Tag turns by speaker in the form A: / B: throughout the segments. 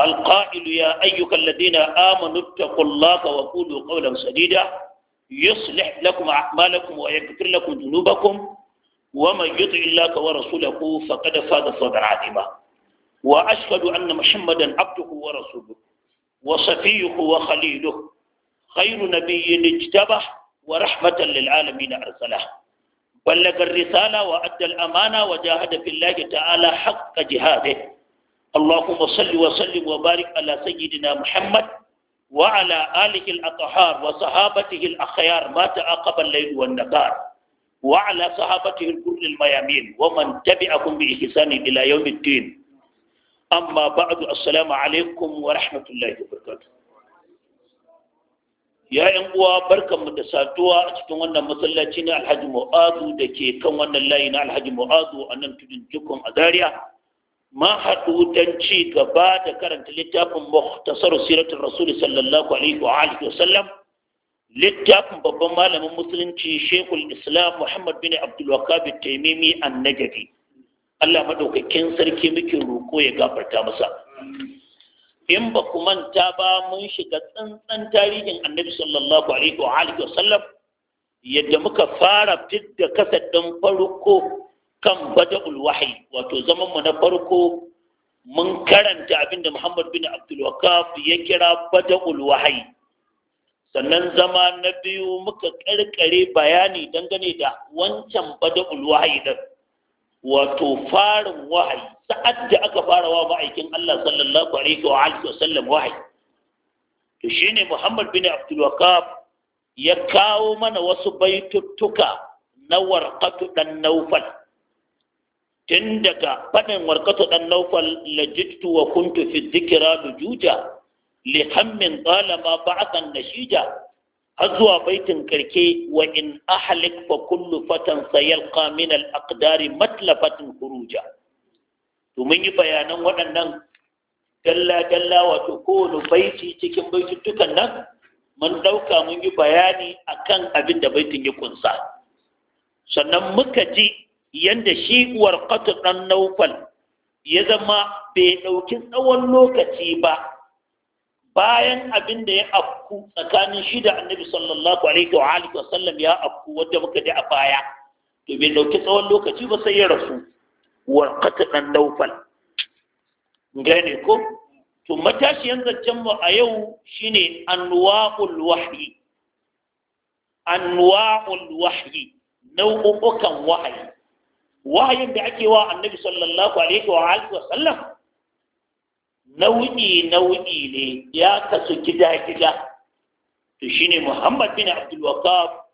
A: القائل يا أيها الذين آمنوا اتقوا الله وقولوا قولا سديدا يصلح لكم أعمالكم ويغفر لكم ذنوبكم ومن يطع الله ورسوله فقد فاز فوزا عظيما وأشهد أن محمدا عبده ورسوله وصفيه وخليله خير نبي اجتبه ورحمة للعالمين أرسله
B: بلغ الرسالة
A: وأدى الأمانة وجاهد في الله تعالى حق جهاده اللهم صل وسلم وبارك على سيدنا محمد وعلى آله الأطهار وصحابته الأخيار ما تعاقب الليل والنهار وعلى صحابته الكل الميامين ومن تبعهم بإحسان إلى يوم الدين أما بعد السلام عليكم ورحمة الله وبركاته ya ‘yan uwa barkanmu da saduwa a cikin wannan masallaci na alhaji mu'azu da ke kan wannan layi na alhaji mu'azu a nan tudun jikun a zaria mahaɗu don ci gaba da karanta littafin muhtasar siratul rasul sallallahu alaihi wa alihi wa sallam littafin babban malamin musulunci shekul islam muhammad bin abdul wahhab taimimi annajabi Allah madaukakin sarki muke roƙo ya gafarta masa in ba ku manta ba mun shiga tsantsan tarihin annabi sallallahu alaihi wa alihi wa sallam yadda muka fara fidda kasad ɗin farko kan bada'ul wahyi wato zaman mu na farko mun karanta abinda Muhammad bin Abdul wakaf ya kira bada'ul wahyi sannan zama na biyu muka karkare bayani dangane da wancan bada'ul wahyi din wato farin wahayi sa'ad da aka fara wa ma'aikin Allah sallallahu alaihi wa alihi wa sallam wahayi to shine Muhammad bin Abdul wakaf ya kawo mana wasu baituttuka na warqatu dan naufal. tun daga faɗin warkatu ɗan naufal lajittu wa kuntu fi zikira lujuja li hammin qalama ba'athan nashija har zuwa baitin karke wa in ahlik fa kullu fatan sayalqa min al matlafatin khuruja to mun yi bayanan waɗannan dalla-dalla wato kowane baiti cikin baitutukan nan mun ɗauka mun yi bayani akan abin da baitin ya kunsa sannan muka ji yanda shi warƙatu ɗan naufal ya zama bai ɗauki tsawon lokaci ba bayan abin da ya afku tsakanin shi da annabi sallallahu alaihi wa alihi wa sallam ya afku wanda muka ji a baya to bai ɗauki tsawon lokaci ba sai ya rasu Warƙatu ɗan naufal gane ko to matashiyan zancen mu a yau shine anwa'ul wahyi anwa'ul wahyi nau'ukan wahyi. wahayin da ake wa annabi sallallahu alaihi wa alihi wa sallam nau'i nau'i ne ya kasu gida gida to shine Muhammad bin Abdul Wahhab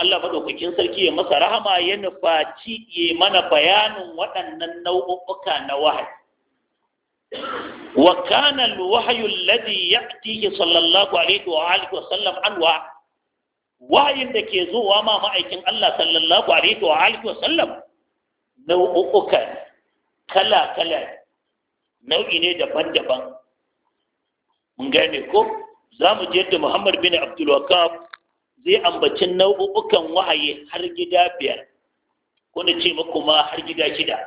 A: Allah madaukakin sarki ya masa rahama ya nufaci ya mana bayanin waɗannan nau'uka na wahayi wa kana alwahyu alladhi ya'tihi sallallahu alaihi wa alihi wa sallam anwa wahayin da ke zuwa ma ma'aikin Allah sallallahu alaihi wa wa sallam nau'ukan kala-kala nau'i ne daban-daban mun gane ko za mu je da muhammad bin abdulwakaf zai ambaci nau'ukan wahayi har gida biyar Ko na ce maku ma har gida shida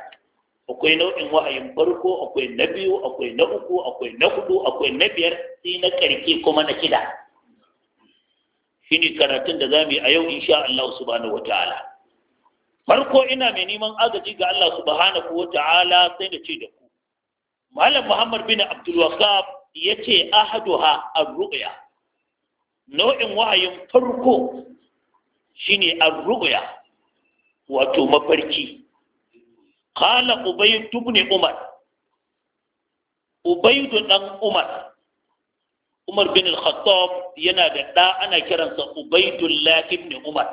A: akwai nau'in wahayin farko akwai na biyu akwai na uku akwai na hudu akwai na biyar sai na karke kuma na shida shine karatun da za mu yi a yau insha Allah subhanahu ta'ala. farko ina mai neman agaji ga Allah subhanahu wa ta'ala sai na ce da ku malam muhammad bin abdul ya ce ahaduha ar nau'in wahayin farko shine ar wato mafarki qala Ubaidu ibn umar Ubaidu dan umar umar bin al-khattab yana da ɗa ana kiransa ubaydullah ne umar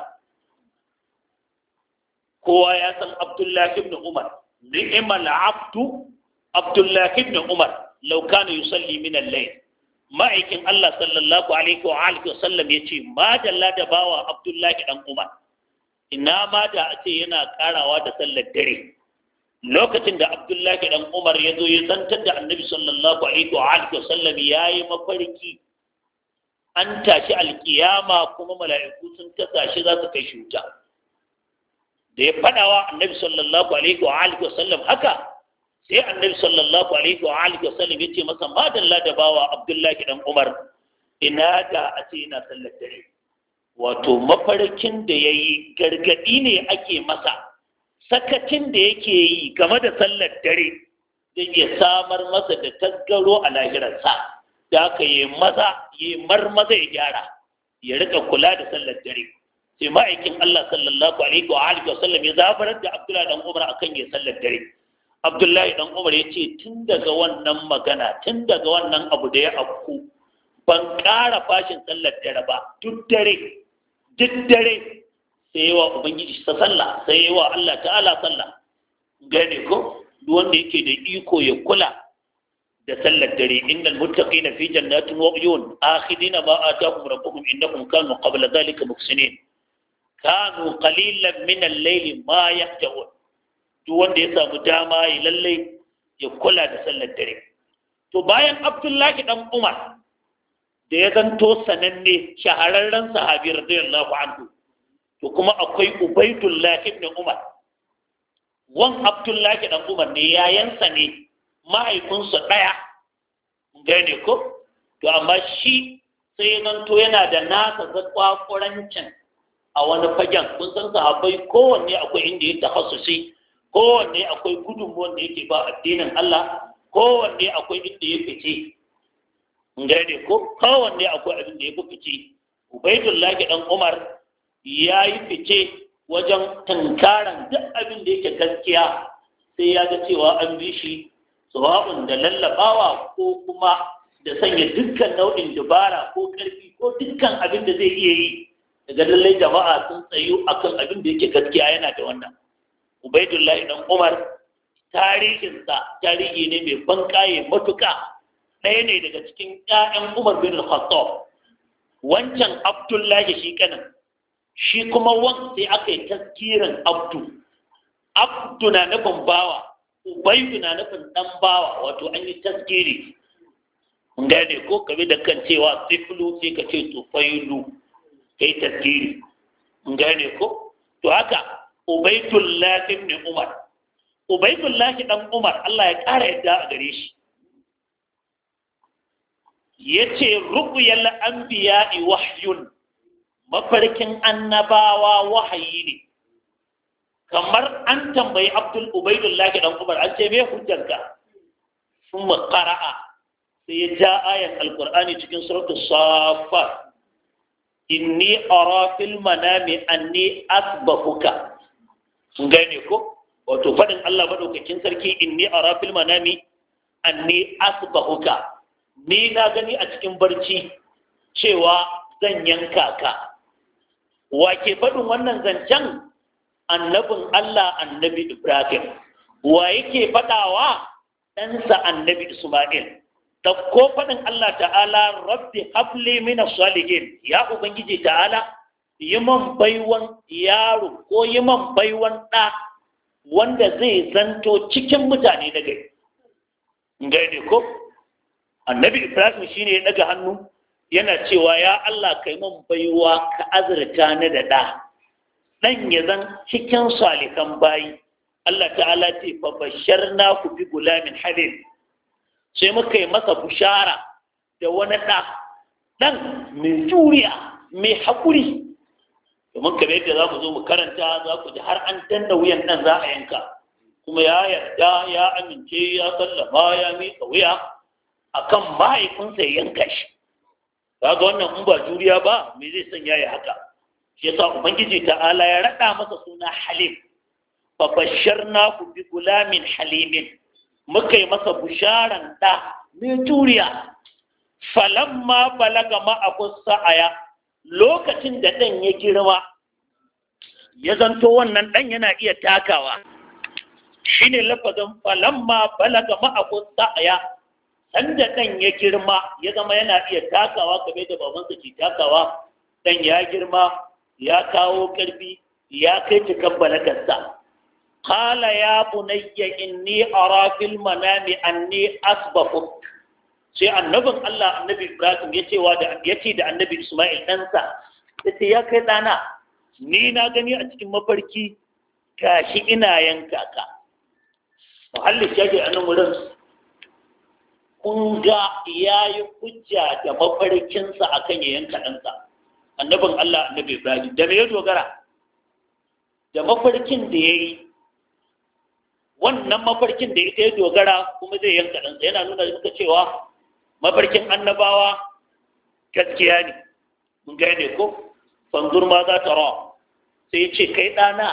A: kowa ya san abdullahi ibn umar ni'mal abdu abdullahi ibn umar law kana yusalli min al-layl ma'aikin Allah sallallahu alaihi wa alihi wa sallam yace ma dalla da bawa abdullahi dan umar ina ma da ace yana karawa da sallar dare lokacin da abdullahi dan umar ya zo ya zantar da annabi sallallahu alaihi wa alihi wasallam ya yi mafarki an tashi alkiyama kuma mala'iku sun tasa shi za su kai shuta. wuta da ya wa annabi sallallahu alaihi wa alihi wasallam haka sai annabi sallallahu alaihi wa alihi wasallam ya ce masa madalla da bawa abdullahi dan umar ina da a ce ina sallar dare wato mafarkin da ya yi gargaɗi ne ake masa sakacin da yake yi game da sallar dare zai iya samar masa da tasgaro a lahirarsa da aka yi maza yi marmaza ya gyara
B: ya rika kula da
A: sallar dare sai ma'aikin Allah sallallahu alaihi wa alihi wa sallam ya zabarar da Abdullahi dan Umar akan ya sallar dare Abdullahi dan Umar ya ce tun daga wannan magana tun daga wannan abu da ya afku ban ƙara fashin sallar dare ba duk dare duk dare sai yawa ubangiji sa sallah sai yawa Allah ta'ala sallah gane ko duk wanda yake da iko ya kula da sallar dare innal muttaqina fi jannatin wa uyun akhidina ma atakum rabbukum innakum kanu qabla dhalika muksinin kanu qalilan min al-layli ma yahjawun duk wanda ya samu dama ya lalle ya kula da sallar dare to bayan abdullahi dan umar da ya zanto sananne shahararren sahabi radiyallahu anhu to kuma akwai ubaidullahi ibn umar wan abdullahi dan umar ne yayansa ne mahaifinsa ɗaya gane ko to amma shi sai zanto yana da nasa zakwakurancin a wani fagen kun san akwai kowanne akwai inda ya takhassusi kowanne akwai gudunmuwan da yake ba addinin Allah kowanne akwai inda ya fice gane ko kowanne akwai abin da ya fi fice ubaidullahi dan umar ya yi fice wajen tankaran duk abin da yake gaskiya sai ya ga cewa an bi shi tsawabin da lallabawa ko kuma da sanya dukkan nau'in dubara ko ƙarfi ko dukkan abin da zai iya yi daga lallai jama'a sun tsayu akan abin da yake gaskiya yana da wannan ubaidullahi dan umar tarihinsa tarihi ne mai bankaye matuka ɗaya ne daga cikin ƴaƴan umar bin al-khattab wancan abdullahi shi kanan shi kuma wan sai aka yi taskirin abdu abdu na nufin bawa ubaidu na nufin dan bawa wato an yi taskiri gane ko kabi da kan cewa siflu sai ka ce tsofailu Kai yi tasiri gane ko to haka ubaitullah ibn umar ubaitullah dan umar Allah ya ƙara yadda a gare shi yace ruqyal i wahyun mafarkin annabawa wahayi ne kamar an tambayi abdul ubaidullahi dan umar an ce me hujjanka. sun ƙara'a. sai ya ja ayan alqur'ani cikin suratul safar. inni ara fil manami anni asbahuka kun gane ko wato fadin Allah madaukakin sarki inni ara fil manami anni asbahuka ni na gani a cikin barci cewa zan yanka ka wa ke fadin wannan zancen annabin Allah annabi Ibrahim wa yake fadawa ɗansa annabi Ismail da ko faɗin Allah ta'ala rabbi habli min salihin ya ubangiji ta'ala yi man baiwan yaro ko yi man baiwan ɗa wanda zai zanto cikin mutane na gari ne ko annabi ibrahim shine ya daga hannu yana cewa ya Allah kai man baiwa ka azurta ni da ɗa ɗan ya zan cikin salikan bayi Allah ta'ala ce fa basharna ku bi gulamin halil sai muka yi masa bushara da wani ɗa ɗan mai juriya mai haƙuri domin kamar yadda za mu zo mu karanta za ku ji har an danna wuyan nan za a yanka kuma ya yarda ya amince ya sallama ya miƙa wuya akan mahaifinsa ya yanka shi kaga wannan in ba juriya ba me zai sanya ya haka shi yasa ubangiji ta'ala ya raɗa masa suna halim
B: fa basharna
A: ku bi gulamin halimin muka yi masa bisharan ɗa mai juriya falamma balaga ma'abun sa'aya lokacin da ɗan ya girma ya zanto wannan ɗan yana iya takawa shi ne lafazin falamma balaga ma'abun sa'aya ɗan da ɗan ya girma ya zama yana iya takawa kamar da babansa ke takawa ɗan ya girma ya kawo ƙarfi ya kai cikan balagarsa قال يا بني إني أرى في المنام أني أسبحك sai annabin Allah annabi Ibrahim ya ce da ya ce da annabi Ismail ɗansa ya ce ya kai ɗana ni na gani a cikin mafarki gashi ina yanka ka muhallis ya ke a nan wurin kun ga ya yi hujja da mafarkinsa akan ya yanka ɗansa annabin Allah annabi Ibrahim da me ya dogara da mafarkin da ya yi wannan mafarkin da ita ya dogara kuma zai yanka ɗansa yana nuna muka cewa mafarkin annabawa gaskiya ne mun gane ko fanzur ma za ta rawa sai ce kai ɗana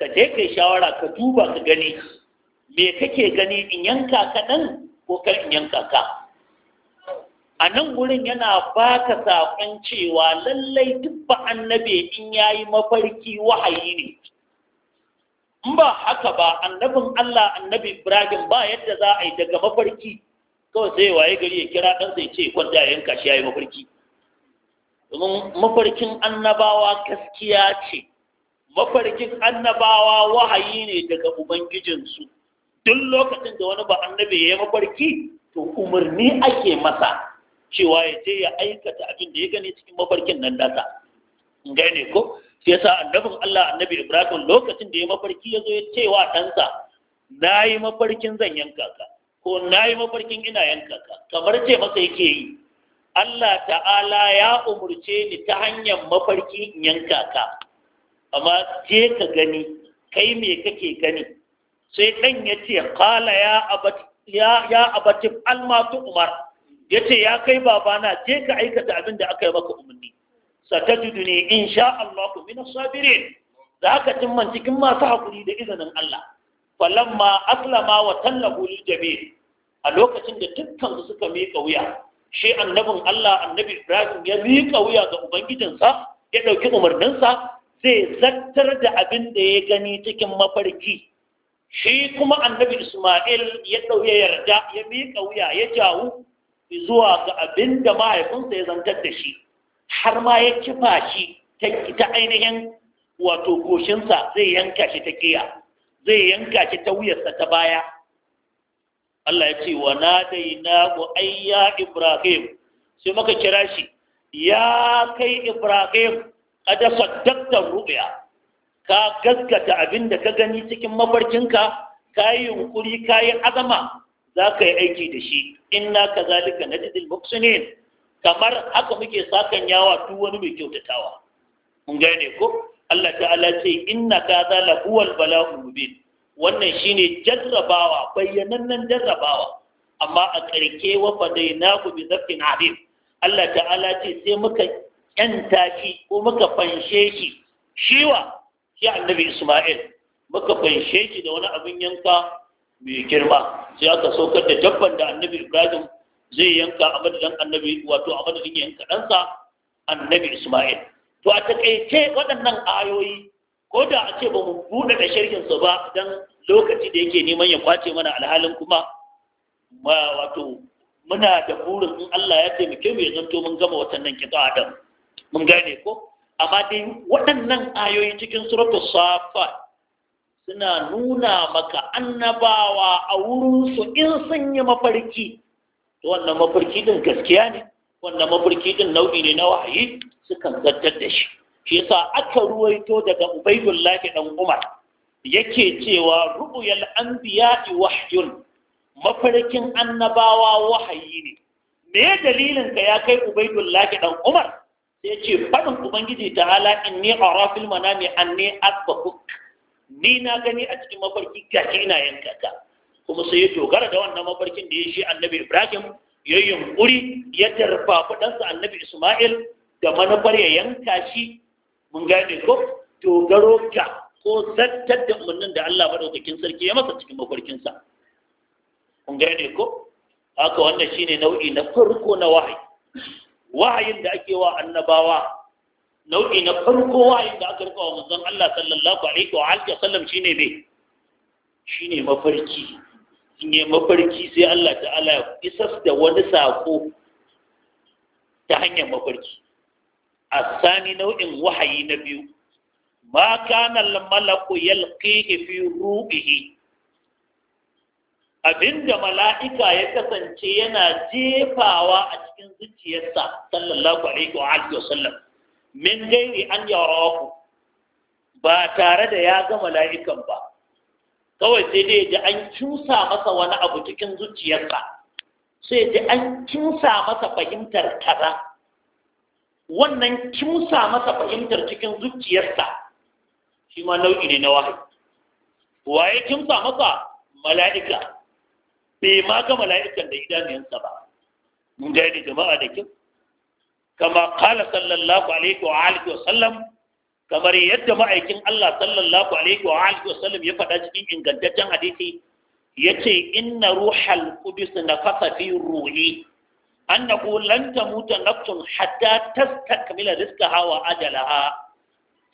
A: ka je kai shawara ka duba ka gani me kake gani in yanka ka nan ko kan in yanka ka a nan wurin yana ba ka saƙon cewa lallai duk ba annabi in yayi mafarki wahayi ne in ba haka ba annabin Allah annabi Ibrahim ba yadda za a yi daga mafarki kawai sai waye gari ya kira dan sai ce kwanta ya yanka shi ya mafarki domin mafarkin annabawa gaskiya ce mafarkin annabawa wahayi ne daga ubangijin su duk lokacin da wani ba annabi ya yi mafarki to umarni ake masa cewa ya je ya aikata abin da ya gani cikin mafarkin nan nasa gane ko shi yasa annabin Allah annabi Ibrahim lokacin da ya mafarki ya zo ya ce wa ɗansa na yi mafarkin zan yanka ka ko na yi mafarkin ina yanka ka kamar ce masa yake yi Allah ta'ala ya umurce ni ta hanyar mafarki in yanka ka amma je ka gani kai me kake gani sai ɗan ya ce kala ya abati ya ya abatif almatu umar yace ya kai babana je ka aikata abin da aka yi maka umarni satajiduni insha Allah min as-sabirin da haka man cikin masu hakuri da izinin Allah falamma aslama wa tallahu lil jabir a lokacin da dukkan su suka miƙa wuya shi annabin Allah annabi Ibrahim ya miƙa wuya ga ubangijinsa ya ɗauki umarninsa zai zartar da abin da ya gani cikin mafarki shi kuma annabi Ismail ya ya yarda ya miƙa wuya ya jawo zuwa ga abin da mahaifinsa ya zantar da shi har ma ya kifa shi ta ainihin wato goshinsa zai yanka shi ta kiya zai yanka shi ta wuyarsa ta baya Allah ya ce wa na ku ayya Ibrahim sai muka kira shi ya kai Ibrahim kada saddaqtar ru'ya ka gaskata abin da ka gani cikin mafarkinka ka yi yunkuri ka azama za ka yi aiki da shi inna kazalika najidil muksinin kamar haka muke sakan yawa duk wani mai kyautatawa mun gane ko Allah ta'ala ce inna kaza la huwal bala'u mubin wannan shine jarrabawa bayyanannen jarrabawa amma a karke wa fadainaku bi zakkin adil Allah ta'ala ce sai muka yanta shi ko muka fanshe shi shiwa shi annabi Isma'il muka fanshe shi da wani abin yanka mai girma sai aka saukar da dabban da annabi Ibrahim zai yanka a madadin annabi wato a madadin yanka ɗansa annabi isma'il to a takaice waɗannan ayoyi ko da a ce ba mu buɗe da su ba don lokaci da yake neman ya kwace mana alhalin kuma wato muna da burin in Allah ya taimake mu ya zanto mun gama watannan kitsa adam mun gane ko amma dai waɗannan ayoyi cikin suratu safa suna nuna maka annabawa a wurinsu in sun yi mafarki wannan mafarki din gaskiya ne wannan mafarki din nau'i ne na wahayi sukan zartar da shi shi yasa aka ruwaito daga ubaidullahi dan umar yake cewa ru'yal anbiya'i wahyun mafarkin annabawa wahayi ne me dalilin ka ya kai ubaidullahi dan umar sai ce fadin ubangiji ta'ala inni ara manami anni asbahuk ni na gani a cikin mafarki gashi ina yanka ka kuma sai ya dogara da wannan mafarkin da ya shi annabi ibrahim ya yi yunkuri ya tarfa ɗansa annabi isma'il da manufar ya yanka shi mun gane ko dogaro ga ko zartar da umarnin da allah maɗaukakin sarki ya masa cikin mafarkinsa mun gane ko haka wannan shine nau'i na farko na wahayi wahayin da ake wa annabawa nau'i na farko wahayin da aka rika wa manzon allah sallallahu alaihi wa wa sallam shine ne shine mafarki in yi mafarki sai Allah ta'ala ya isas da wani sako ta hanyar mafarki a sani nau'in wahayi na biyu ma kana malaku yalqihi fi rubihi abinda mala'ika ya kasance yana jefawa a cikin zuciyarsa sallallahu alaihi wa alihi wasallam min gairi an yarahu ba tare da ya ga mala'ikan ba kawai sai dai ji an kinsa masa wani abu cikin zuciyarsa sai ji an kinsa masa fahimtar kaza wannan cusa masa fahimtar cikin zuciyarsa shi ma nau'i ne na wahayi waye cusa masa mala'ika bai ma ga mala'ikan da idanuyansa ba mun da jama'a da kyau kama kala sallallahu alaihi wa alihi wa sallam kamar yadda ma'aikin Allah sallallahu alaihi wa alihi wa sallam ya faɗa cikin ingantaccen hadisi yace inna ruhal qudus nafasa fi ruhi annahu lan tamuta nafsun hatta tastakmila rizqaha wa ajalaha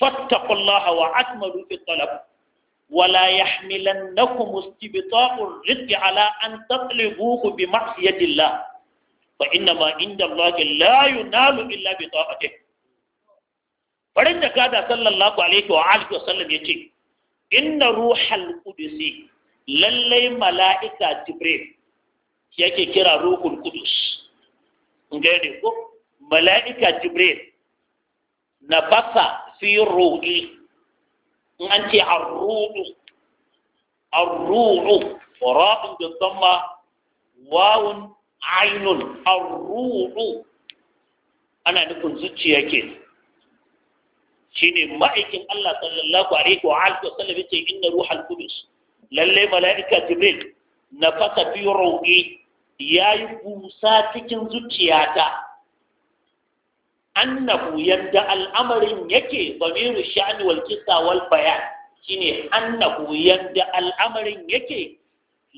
A: fattaqullaha wa atmadu fi talab ولا يحملنكم استبطاء الرزق على أن تطلبوه بمعصية الله فإنما عند الله لا ينال إلا بطاعته farin da kada sallallahu alaihi wa alihi wa sallam yace inna ruhal qudus lalle mala'ika jibril yake kira ruhul qudus ne ko mala'ika jibril na basa fi ruhi an ce arruhu arruhu ra'un da dhamma wawun ainun arruhu ana nufin zuciya kenan shine ma'aikin Allah sallallahu alaihi wa alihi wa sallam yace inna ruhal qudus
B: lalle malaika jibril
A: nafasa fi ruhi yayi busa cikin zuciyata annahu yadda al'amarin yake bamiru sha'ni wal qissa wal bayan shine annahu yadda al'amarin yake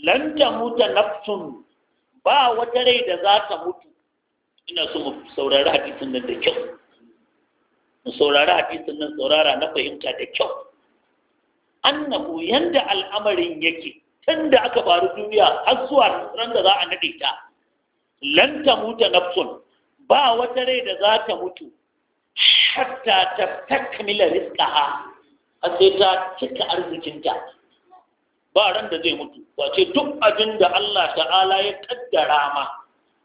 A: lan tamuta nafsun ba wata rai da za ta mutu ina so mu saurari hadisin nan da kyau mu saurari hadisin nan saurara na fahimta da kyau Annabu yanda al'amarin yake tun da aka faru duniya har zuwa ran da za a nade ta lan ta muta nafsun ba wata rai da za ta mutu hatta ta takmila rizqaha har sai ta cika arzikinta ba ran da zai mutu wace duk abin da Allah ta'ala ya kaddara ma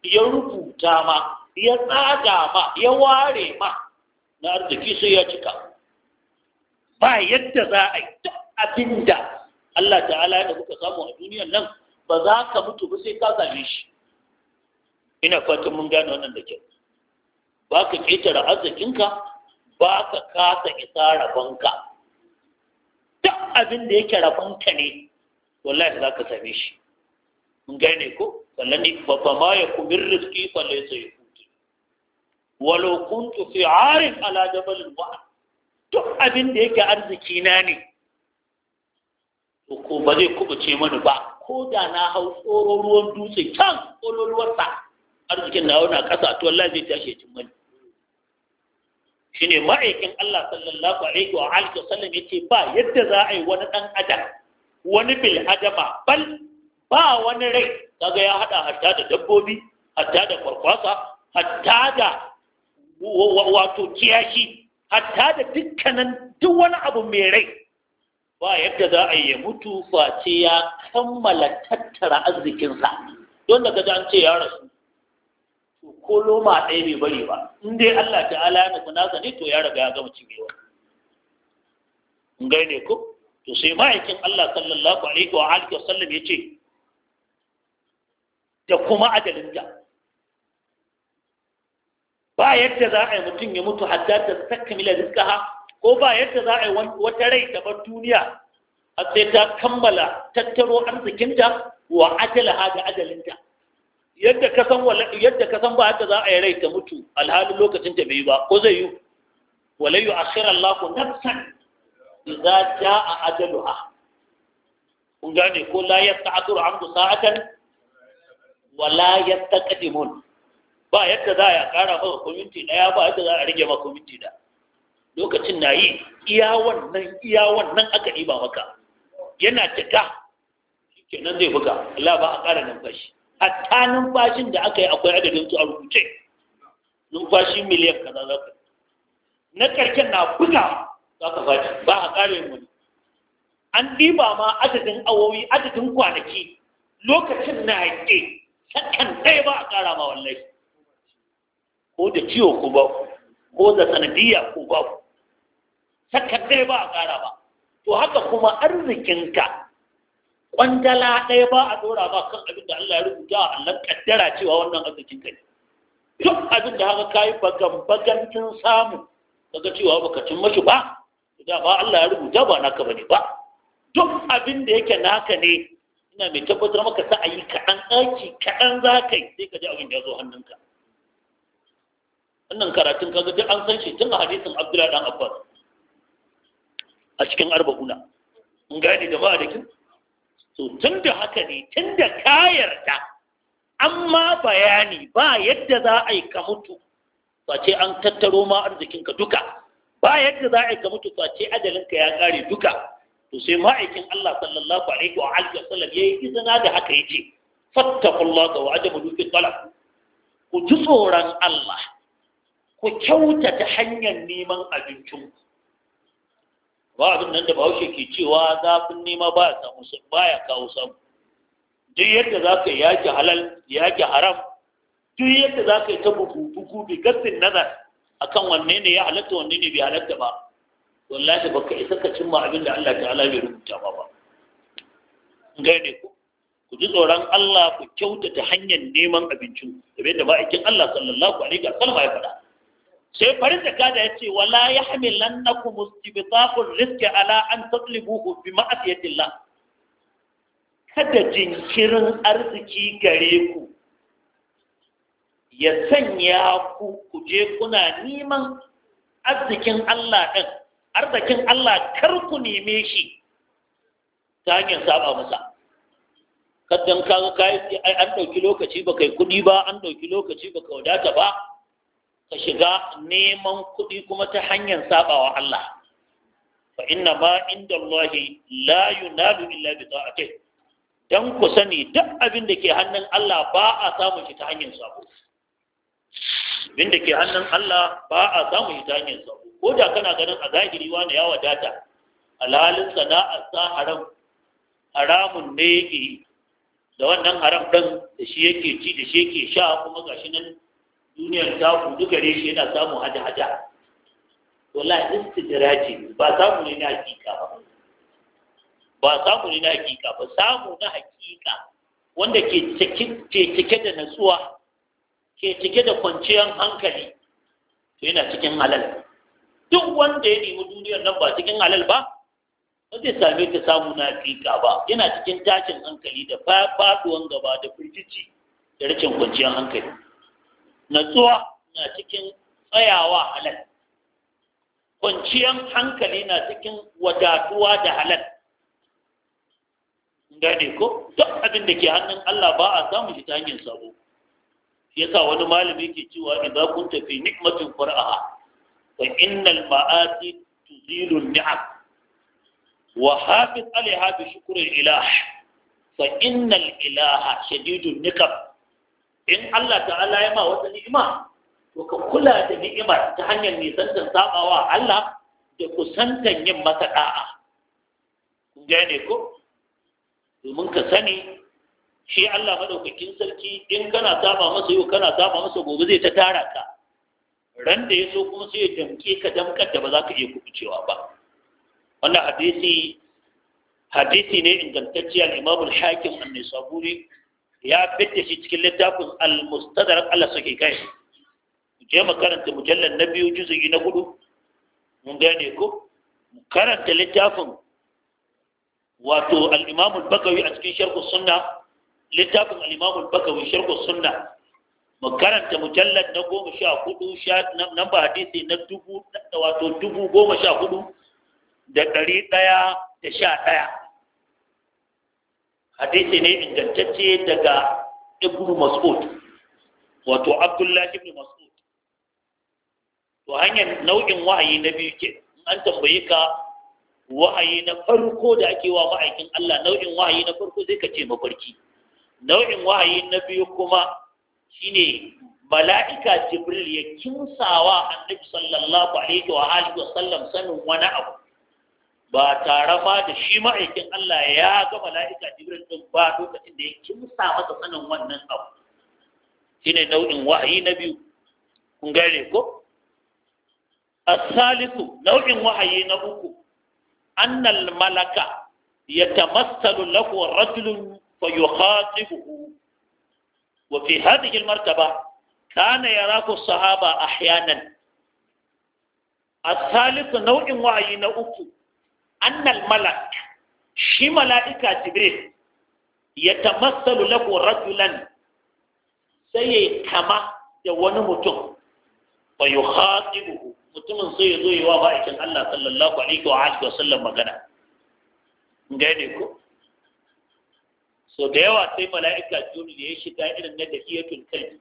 A: ya rubuta ma ya tsaga ma ya ware ma na arziki sai ya cika ba yadda za a yi duk abin da Allah ta'ala da muka samu a duniyan nan ba za ka mutu ba sai ka same shi ina fatan mun gane wannan da kyau ba ka ƙetare arzikinka ba ka kasa isa rabonka duk abin da yake rabonka ne wallahi za ka same shi mun gane ko sannan ni ba ma ya kumin rizki falle sai ku walau kuntu fi arif ala jabalin duk abin da yake arziki na ne ko ba zai kubuce mani ba ko da na hau tsoron ruwan dutse can ƙololuwarsa arzikin na wani ƙasa to Allah zai tashi ya cimmani shine ma'aikin Allah sallallahu alaihi wa alihi wasallam yace ba yadda za a yi wani dan adam wani bil adama bal ba wani rai kaga ya hada hatta da dabbobi hatta da kwarkwasa hatta da wato kiyashi hatta da dukkanin duk wani abu mai rai ba yadda za a yi mutu face ya kammala tattara arzikinsa don daga an ce ya rasu to ko loma ɗaya bai bari ba in dai Allah ta'ala ya nufi nasa ne to ya riga ya gama cinyewa in ne ko to sai ma'aikin Allah sallallahu alaihi wa alihi wa sallam ya ce da kuma ajalin da ba yadda za a yi mutum ya mutu haddar da takkamila rizqaha ko ba yadda za a yi wata rai ta bar duniya a sai ta kammala tattaro arzikinta wa ajalaha da ajalinta yadda ka san yadda ka san ba yadda za a yi rai ta mutu alhalin lokacin ta bai ba ko zai yi wala yu'akhir Allah nafsan idza jaa ajaluha kun gane ko la yasta'khir 'abdu sa'atan wala yastaqdimun ba yadda za a ƙara maka kwamiti ɗaya ba yadda za a rage maka kwamiti da lokacin na yi iya wannan iya wannan aka ɗiba maka yana cika kenan zai buga Allah ba a ƙara numfashi ta numfashin da aka yi akwai adadin su a rubuce numfashi miliyan kaza za ka na ƙarshen na buga za ka faɗi ba a ƙara yin wani an ɗiba ma adadin awowi adadin kwanaki lokacin na haƙe sakan ɗaya ba a ƙara ma wallahi ko da ciwo ko ba ko da sanadiyya ko ba sakar ɗaya ba a ƙara ba to haka kuma arzikinka kwandala ɗaya ba a ɗora ba kan abin da Allah ya rubuta a Allah kaddara cewa wannan arzikinka ne duk abin da haka kayi bagan bagan tun samu kaga cewa baka cin mashi ba da ba Allah ya rubuta ba naka bane ba duk abin da yake naka ne ina mai tabbatar maka sa ayi kaɗan aiki kaɗan za ka yi sai ka ji abin da ya zo hannunka wannan karatun kaga duk an san shi tun a hadisin abdullahi dan abbas a cikin arba'una in gane da ba da kin so tun da haka ne tun da kayar ta, an ma bayani ba yadda za a yi ka mutu face an tattaro ma arzikinka duka ba yadda za a yi ka mutu face ka ya kare duka to sai ma'aikin Allah sallallahu alaihi wa alihi wasallam yayi izina da haka yace fattaqullaha wa ajabu fi talab ku ji tsoron Allah ku kyautata hanyar neman abincinku ba abin nan da bahaushe ke cewa zafin nema ba ya samu ba ya kawo samu duk yadda za ka yaki halal haram duk yadda za ka yi ta bugu bi gassin nazar akan wanne ne ya halatta wanne ne bai halatta ba wallahi ba ka isa ka cimma abin da Allah ta'ala bai rubuta ba ba gane ku ku ji tsoron Allah ku kyautata hanyar neman abincin da bai da ma'aikin Allah sallallahu alaihi wa sallam ya faɗa sai farin da kada ya ce wala ya hamilan na kuma stibitafin riske ala an tattalibu bi ma'asiyatillah kada jinkirin arziki gare ku ya sanya ku kuje je kuna neman arzikin Allah ɗin arzikin Allah kar ku neme shi ta hanyar saba masa kaddan kaga kai an ɗauki lokaci ba kai kuɗi ba an ɗauki lokaci ba ka wadata ba ka shiga neman kuɗi kuma ta hanyar wa Allah fa inna ma inda Allahi la yunalu illa bi ta'ati dan ku sani duk abin da ke hannun Allah ba a samu shi ta hanyar sabo abin da ke hannun Allah ba a samu shi ta hanyar sabo ko da kana ganin a zahiri wani ya wadata alhalin sana'ar sa haram haramun ne yake da wannan haram ɗin da shi yake ci da shi yake sha kuma gashi nan duniyar taku duka ne shi yana samun hada-hada wala istidraji ba samu ne na hakika ba ba samu ne na hakika ba samu na hakika wanda ke cike da natsuwa ke cike da kwanciyar hankali to yana cikin halal duk wanda ya nemi duniyar nan ba cikin halal ba ba zai same ta samu na hakika ba yana cikin tashin hankali da faduwan gaba da firgici da rashin kwanciyar hankali natsuwa na cikin tsayawa halal kwanciyar hankali na cikin wadatuwa da halal gane ko duk abin da ke hannun Allah ba a samu shi ta hanyar sabo yasa wani malami ke cewa idza kunta tafi nikmatin far'aha fa innal ma'asi tuzilu ni'am wa hafiz alaiha bi shukri ilah fa innal ilaha shadidun niqab in Allah ta'ala ya ma wata ni'ima to ka kula da ni'imar ta hanyar nisantar sabawa Allah da kusantan yin masa da'a gane ko domin ka sani shi Allah madaukakin sarki in kana saba masa yau kana saba masa gobe zai ta tara ka ran da ya so kuma sai ya damke ka damkar da ba za ka iya kubucewa ba wannan hadisi hadisi ne ingantacciyar imamul hakim annisaburi ya fitta shi cikin littafin al-mustadrak Allah suke kai je mu karanta mujallar na biyu juzugi na hudu mun gane ko mu karanta littafin wato al-imam al-bakawi a cikin sharh sunna littafin al-imam al-bakawi sharh sunna mu karanta mujallar na goma sha hudu sha namba hadisi na dubu wato dubu goma sha hudu da ɗari ɗaya da sha ɗaya hadisi ne ingantacce daga ibn mas'ud wato abdullahi ibn mas'ud to hanyar nau'in wahayi na biyu ke an tambaye ka wahayi na farko da ake wa ma'aikin Allah nau'in wahayi na farko zai ka ce mafarki nau'in wahayi na biyu kuma shine mala'ika jibril ya kinsawa annabi sallallahu alaihi wa alihi wa sallam sanin wani abu ba tare ma da shi ma'aikin Allah ya ga mala'ika Jibril din ba lokacin da ya kimsa masa sanin wannan abu shine nau'in wahayi na biyu kun gane ko asalisu nau'in wahayi na uku annal malaka yatamassalu lahu rajulun fayukhatibuhu wa fi hadhihi al martaba kana yaraku sahaba ahyanan asalisu nau'in wahayi na uku annal malak shi mala'ika jibril ya tamassalu lahu rajulan sai yayi kama da wani mutum fa yukhatibuhu mutumin sai ya zo yi wa ma'aikin Allah sallallahu alaihi wa sallam magana ko
B: so da yawa sai
A: mala'ika da ya shiga irin na dahiyatul kalbi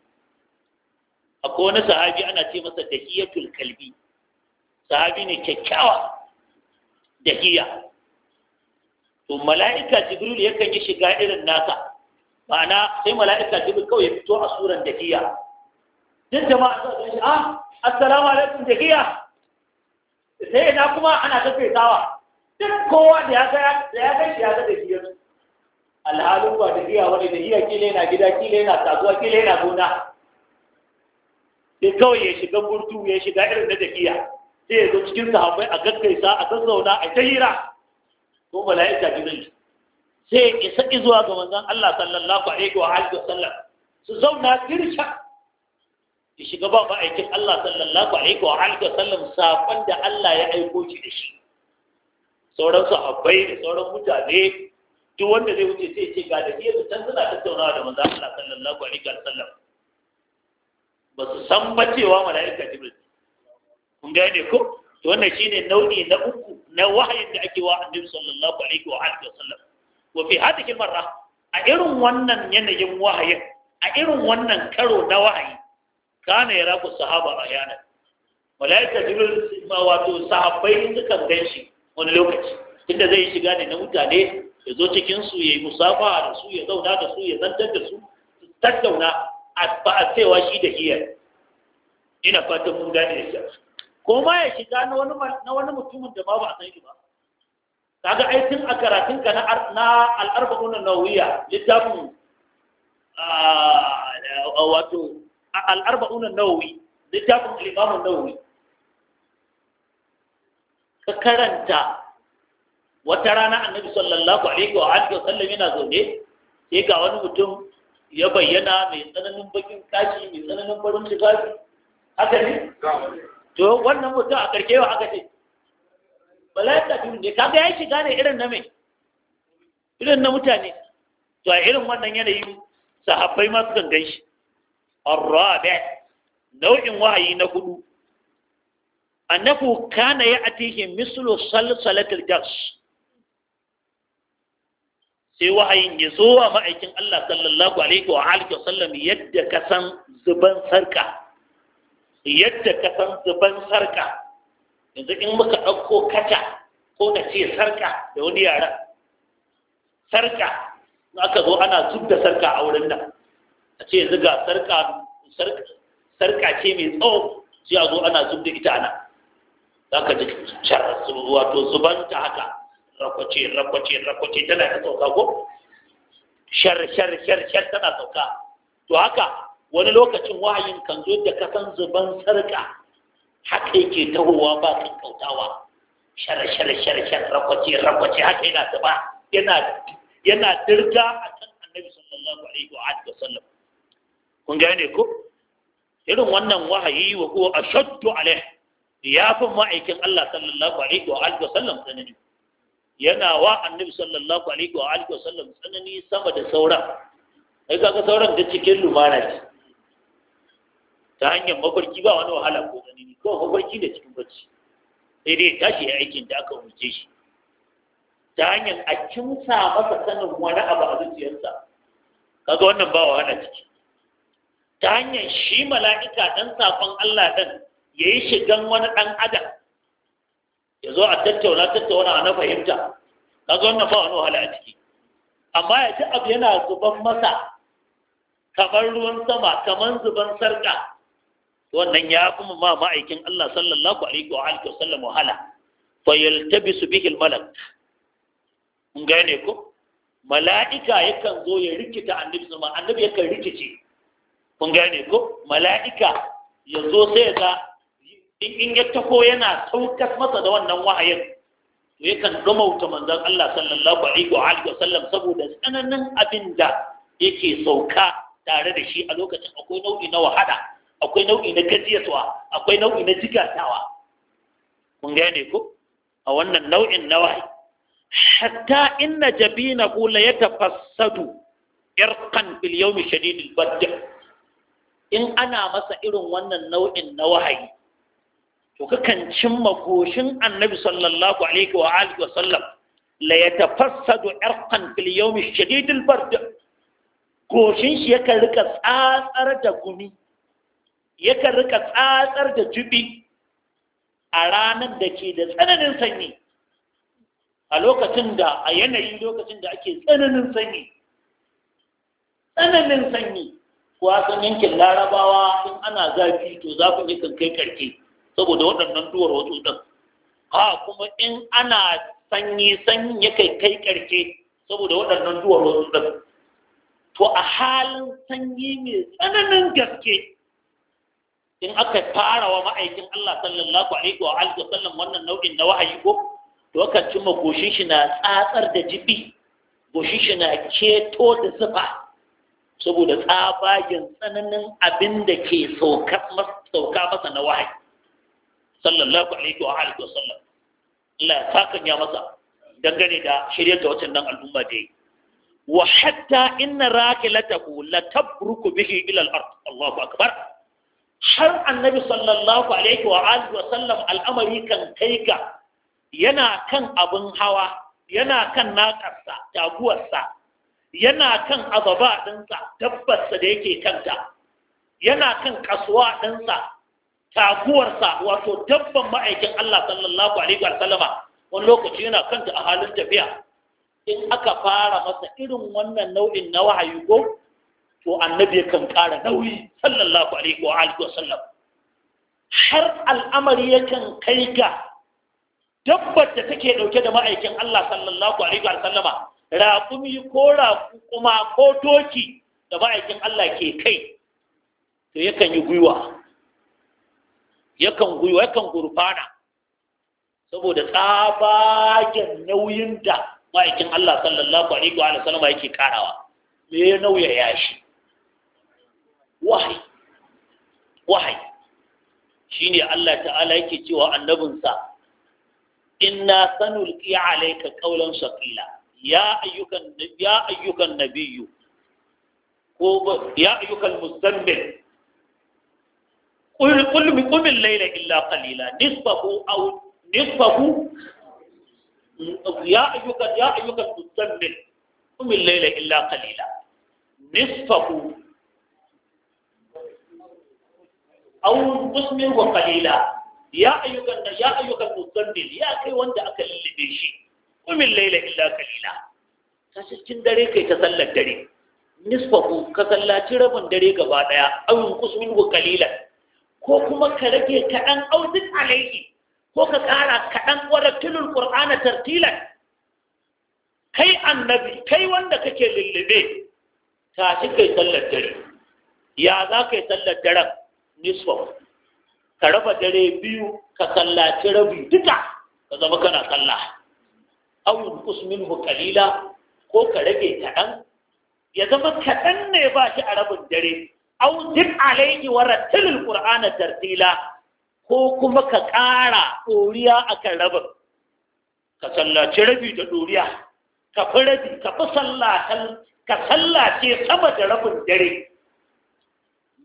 A: akwai wani sahabi ana ce masa dahiyatul kalbi sahabi ne kyakkyawa da to mala'ika jibril yakan yi shiga irin nasa ma'ana sai mala'ika jibril kawai ya fito a suran da duk jama'a za su a ah, assalamu alaikum da giya sai na kuma ana tafaitawa duk kowa da ya ga ya ga shi ya ga da giya alhalin ba da giya wani da giya kila yana gida kila yana kasuwa kila yana gona sai kawai ya shiga burtu ya shiga irin na da giya sai ya zo cikin sahabai a gaggaisa a sassauna a hira ko mala'ika jibril sai ya isa zuwa ga manzon Allah sallallahu alaihi wa alihi wasallam su zauna girsha ya shiga ba ma'aikin Allah sallallahu alaihi wa alihi wasallam sakon da Allah ya aiko shi da shi sauran sahabbai da sauran mutane duk wanda zai wuce sai ce ga da iya su can suna tattaunawa da manzon Allah sallallahu alaihi wa sallam ba su san ba cewa mala'ika jibril gane ko to wannan shine nauyi na uku na wahayin da ake wa annabi sallallahu alaihi wa alihi wasallam wa fi hadhihi marra a irin wannan yanayin wahayin a irin wannan karo na wahayi kana yara ku sahaba ahyana malaika jibril wato sahabbai sukan ganshi wani lokaci inda zai shiga ne na mutane ya zo cikin su yayi musafa da su ya zauna da su ya zantar da su tattauna ba a cewa shi da hiyar ina fatan mun gane da ko ma ya shiga na wani na wani mutumin da babu a san shi ba kaga ai tun a karatun ka na al'arba al-arba'un an littafin wato al-arba'un an-nawawi littafin alibamun imam nawawi ka karanta wata rana annabi sallallahu alaihi wa alihi wasallam yana zaune sai ga wani mutum ya bayyana mai tsananin bakin kashi mai tsananin barin shiga haka ne to wannan mutum a ƙarshe wa aka ce bala'ika ne kaga ya shiga ne irin na mai irin na mutane to a irin wannan yanayi sahabbai ma sukan gan shi arrabe nau'in wahayi na hudu annahu kana ya atihim mislu salsalatil jas sai wahayin ya zo wa ma'aikin Allah sallallahu alaihi wa alihi wasallam yadda ka san zuban sarka yadda ka san zuban sarka yanzu in muka ɗauko kata ko na ce sarka da wani yara, sarka in aka zo ana zub da sarka a wurin nan a ce yanzu ga sarka sarka ce mai tsawo sai a zo ana zub da ita ana za ka ji wato zuban ta haka rakwace rakwace rakwace tana ta sauka ko shar shar shar shar tana sauka to haka wani lokacin wahayin kan zo da kasan zuban sarka haka yake tahowa ba ka kankautawa shara shara shara shara rakwace rakwace haka yana zuba yana yana dirga akan annabi sallallahu alaihi wa alihi wasallam kun ne ko irin wannan wahayi wa huwa ashaddu alaihi fi ma'aikin Allah sallallahu alaihi wa alihi wasallam tsanani yana wa annabi sallallahu alaihi wa alihi wasallam tsanani sama da sauran ai kaga sauran da cikin lumana ce ta hanyar mafarki ba wani wahala ko tsanani kawai mafarki da cikin bacci sai dai tashi ya aikin da aka umarce shi ta hanyar a kimsa masa sanin wani abu a zuciyarsa kaga wannan ba wahala ciki ta hanyar shi mala'ika dan safon Allah dan yi shigan wani dan adam ya zo a tattauna tattauna na fahimta kaga wannan ba wani wahala a ciki amma ya ci abu yana zuban masa kamar ruwan sama kamar zuban sarka wannan ya kuma ma ma'aikin Allah sallallahu alaihi wa alihi wasallam wahala fa yaltabisu bihi almalak mun gane ko mala'ika yakan zo ya rikita annabi zama annabi yakan rikice mun gane ko mala'ika ya zo sai ga in ya tako yana saukas masa da wannan wahayin to yakan gamauta manzon Allah sallallahu alaihi wa alihi wasallam saboda tsananin abinda yake sauka tare da shi a lokacin akwai nau'i na wahala akwai nau'i na gajiyarwa akwai nau'i na jigatawa kun gane ko a wannan nau'in na wahayi hatta inna jabina kula ya tafassadu irkan bil yawmi shadidil badd in ana masa irin wannan nau'in na wahayi to kakan cimma goshin annabi sallallahu alaihi wa alihi wa sallam la yatafassadu irqan fil yawmi shadidil bard goshin shi yakan rika tsatsar da gumi yakan rika tsatsar da jubi a ranar da ke da tsananin sanyi a lokacin da a yanayin lokacin da ake tsananin sanyi tsananin sanyi kuwa sun yankin larabawa in ana zafi to zafin yakan kai karke saboda waɗannan duwar wasu ɗan ha kuma in ana sanyi sanyi yakan kai karke saboda waɗannan duwar wasu ɗan to a halin sanyi mai tsananin gaske in aka fara wa ma'aikin Allah sallallahu alaihi wa alihi wa sallam wannan nau'in na wahayi ko to aka cimma goshin shi na tsatsar da jibi goshin shi na keto da zufa saboda tsabagen tsananin abin da ke sauka masa na wahayi sallallahu alaihi wa alihi wa sallam Allah ya sakanya masa dangane da shirya da wacin nan al'umma da yi wa hatta inna rakilatahu latabruku bihi ila al-ard Allahu akbar har annabi sallallahu alaihi wa alihi wa sallam al'amari kan kai ga yana kan abin hawa yana kan naƙarsa taguwarsa yana kan azaba ɗinsa tabbas da yake kanta yana kan kasuwa ɗinsa taguwarsa wato dabban ma'aikin Allah sallallahu alaihi wa sallama wani lokaci yana kanta a halin tafiya in aka fara masa irin wannan nau'in na wahayi ko to annabi yakan ƙara nauyi sallallahu alaihi wa alihi wasallam har al'amari yakan kai ga dabbar da take dauke da ma'aikin Allah sallallahu alaihi wa sallama raƙumi ko kuma ko doki da ma'aikin Allah ke kai to yakan yi gwiwa yakan gwiwa yakan gurfana saboda tsabagen nauyin da ma'aikin Allah sallallahu alaihi wa sallama yake karawa me ya nauya ya shi wahai wahai shi ne Allah ta'ala yake cewa annabinsa inna sanul iya alaika ƙaunar shakila ya ayyukan nabiyu ko ya ayyukan musamman ƙulmi ƙumin laila illa kalila nisbahu ya ayyukan musamman ƙumin laila illa kalila nisbahu aw musmir wa qalila ya ayyukan ya ayyukan mudammil ya kai wanda aka lullube shi kumin laila illa qalila kashi cikin dare kai ta sallar dare nisfahu ka sallaci rabin dare gaba daya aw kusmin wa qalila ko kuma ka rage kaɗan auzin alaihi ko ka ƙara kaɗan warattilul qur'ana tartilan kai annabi kai wanda kake lullube tashi kai sallar dare ya za ka yi sallar daren nisfahu ka raba dare biyu ka sallaci rabi duka ka zama kana sallah Awun kusmin mu kalila ko ka rage kaɗan ya zama kaɗan ne ba shi a rabin dare aw zid alayhi wa rattilil qur'ana tartila ko kuma ka ƙara ɗoriya akan rabin ka sallaci rabi da ɗoriya ka fi rabi ka fi sallace sama da rabin dare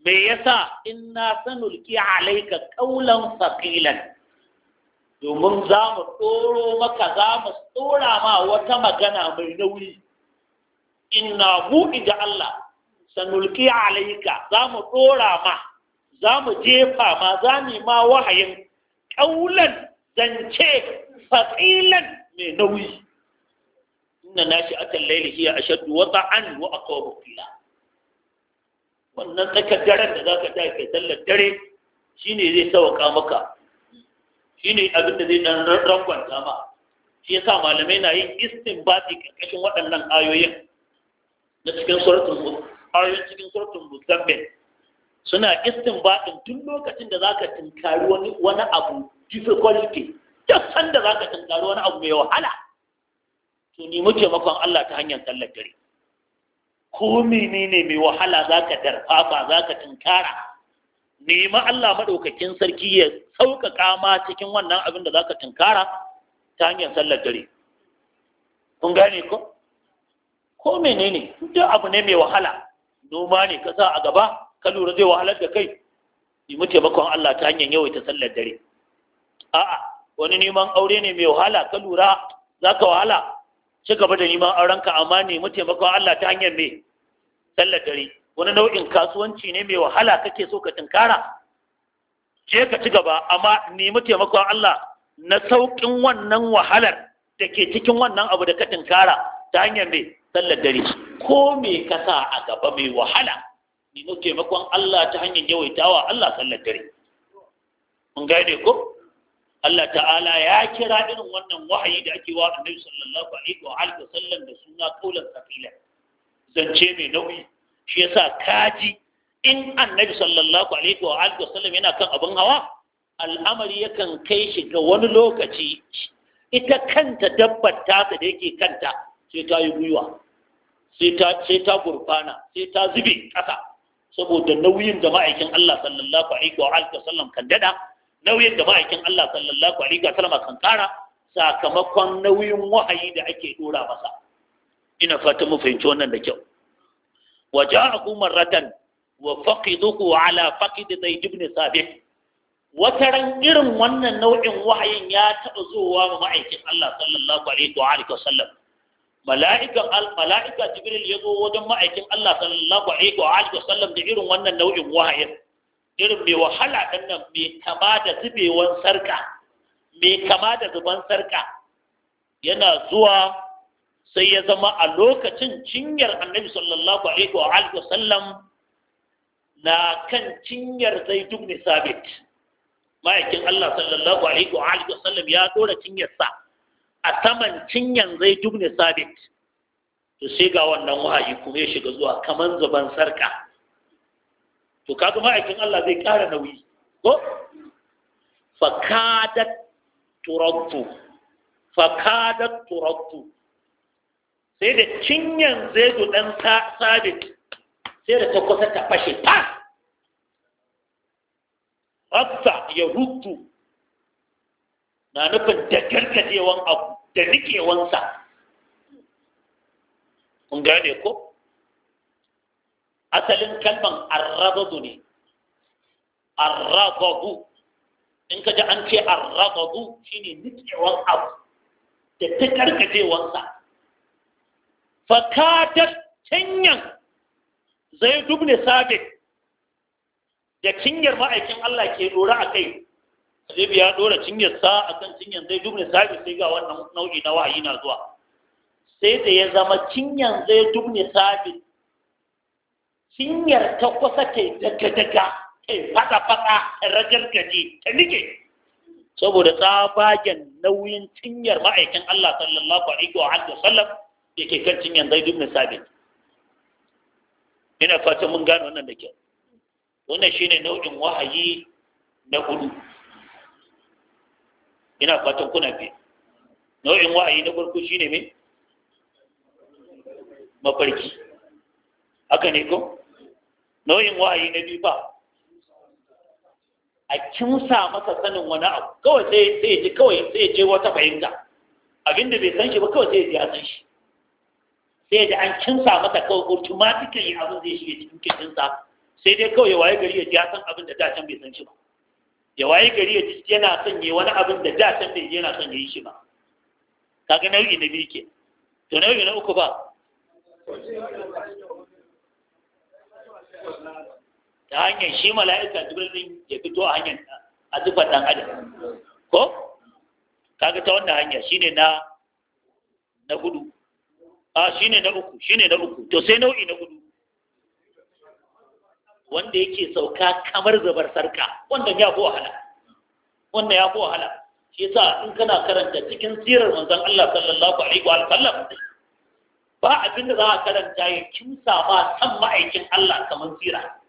A: me yasa na sanulki alaika ƙaulan faƙilan domin za mu tsoro maka za mu tsora ma wata magana mai nauyi inna buɗi da Allah sanulki alaika za mu tsora ma za mu jefa ma za mu ma wahayin ƙaulan zance faƙilan mai nauyi inna nashi akan laili hiya ashaddu wata'an wa aqwa qila wannan tsakar daren da za ka ta kai sallar dare shi ne zai sauka maka shi ne abin da zai dan rangwanta ma shi sa malamai na yin istinbati karkashin waɗannan ayoyin na cikin suratul ayoyin cikin suratul musamman suna ɗin tun lokacin da za ka tunkari wani abu difficulty duk sanda za ka tunkari wani abu mai wahala to ni muke makon Allah ta hanyar sallar dare ko menene mai wahala za ka darfafa za ka tunkara nemi Allah maɗaukakin sarki ya sauƙaƙa ma cikin wannan abin da za ka tunkara ta hanyar sallar dare kun gane ko ko menene duk abu ne mai wahala noma ne ka sa a gaba ka lura zai wahalar da kai nemi taimakon Allah ta hanyar yawaita sallar dare a'a wani neman aure ne mai wahala ka lura za ka wahala ci gaba da neman aurenka amma nemi taimakon Allah ta hanyar me sallar dare wani nau'in kasuwanci ne mai wahala kake so ka tunkara je ka ci gaba amma nemi taimakon Allah na saukin wannan wahalar da ke cikin wannan abu da ka tinkara ta hanyar me sallar dare ko me ka sa a gaba mai wahala nemi taimakon Allah ta hanyar yawaitawa Allah sallar dare mun gane ko Allah ta'ala ya kira irin wannan wahayi da ake wa annabi sallallahu alaihi wa alihi sallam da suna qaulan sakila zance mai nauyi shi yasa kaji in annabi sallallahu alaihi wa alihi sallam yana kan abin hawa al'amari yakan kai shi ga wani lokaci ita kanta dabbar tasa da yake kanta sai ta yi gwiwa sai ta gurfana sai ta zube ƙasa saboda nauyin da ma'aikin Allah sallallahu alaihi wa alihi sallam kan dada nauyin da ma'aikin Allah sallallahu alaihi wa sallama kan kara sakamakon nauyin wahayi da ake dora masa ina fatan mu fahimci wannan da kyau wa ja'ahu marratan wa faqiduhu ala faqid zaid ibn sabit wata ran irin wannan nau'in wahayin ya taɓa zuwa ma ma'aikin Allah sallallahu alaihi wa alihi wasallam mala'ikan al mala'ika jibril ya zo wajen ma'aikin Allah sallallahu alaihi wa alihi wasallam da irin wannan nau'in wahayin irin mai wahala ɗin nan mai kama da zubewan sarka mai kama da zuban sarka yana zuwa sai ya zama a lokacin cinyar annabi sallallahu alaihi wa alihi wasallam na kan cinyar zaid ibn sabit ma'aikin Allah sallallahu alaihi wa alihi wasallam ya dora cinyarsa a saman cinyan zai ibn sabit to sai ga wannan wahayi kuma ya shiga zuwa kaman zuban sarka to kaga ma'aikin Allah zai ƙara nauyi ko fakadat turattu fakadat turattu sai da cinyan zaidu dan sabit sai da ta kusa ta fashe ta rabta ya rutu na nufin da gargajewan abu da rikewansa kun gane ko asalin kalman arrababu ne arrababu in ka ji an ce arrazadu shine nitsewar abu da ta karkacewarsa fakatar cinyan zai dubne sabe da cinyar ma'aikin Allah ke dora a kai zai ya dora cinyar sa a kan cinyar zai dubne sabe sai ga wannan nau'i na wahayi na zuwa sai da ya zama cinyar zai dubne sabe cinyar ta kusa ta daga-daga ta fata-fata ragar gaji ta nike saboda tsabagen nauyin cinyar ma'aikin Allah sallallahu alaihi wa sallam ya ke kan cinyar zai dubna sabit ina fata mun gano wannan da kyau wannan shine nau'in wahayi na hudu ina fatan kuna bi nau'in wahayi na farko shine me mafarki haka ne ko nauyin wahayi na biyu ba a kimsa masa sanin wani abu kawai sai sai ji kawai sai je wata fahimta abinda bai san shi ba kawai sai ya san shi sai da an kimsa masa kawai automatically abin zai shiga cikin sa sai dai kawai waye gari ya ji ya san abin da da can bai san shi ba ya waye gari ya ji yana son yi wani abin da da can bai yana son yi shi ba kaga nau'i na biyu ke to nau'i na uku ba ta hanyar shi mala'ika jibril din ya fito a hanyar a zuba ɗan adam ko kaga ta wannan hanya shine na na hudu a ne na uku shi ne na uku to sai nau'i na hudu wanda yake sauka kamar zabar sarka wanda ya fi wahala wanda ya fi wahala shi sa in kana karanta cikin sirar manzon Allah sallallahu alaihi wa sallam ba abin da za a karanta ya kimsa ma san ma'aikin Allah kamar sira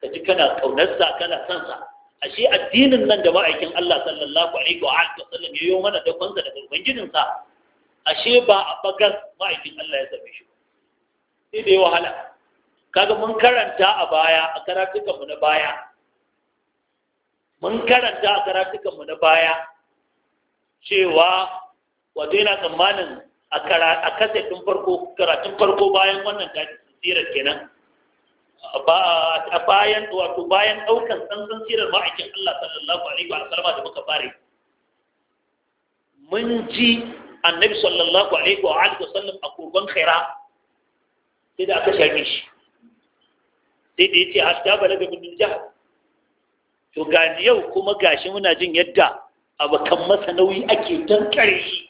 A: ka ji kana kaunarsa kana sansa ashe addinin nan da ma'aikin Allah sallallahu alaihi wa alihi wasallam yayo mana da kwanza da ubangijin sa ashe ba a bagas ma'aikin Allah ya same shi sai da wahala kaga mun karanta a baya a karatukan mu na baya mun karanta a karatukan mu na baya cewa wato yana tsammanin a tun farko karatun farko bayan wannan tafi sirar kenan a bayan wato bayan daukan sansan sirar ma'aikin Allah sallallahu alaihi wa sallama da muka fare mun ji annabi sallallahu alaihi wa alihi sallam a kurban khaira sai da aka sharbe shi sai da yace hasta balaga bin jahal to ga yau kuma gashi muna jin yadda abakan masa nauyi ake tankare shi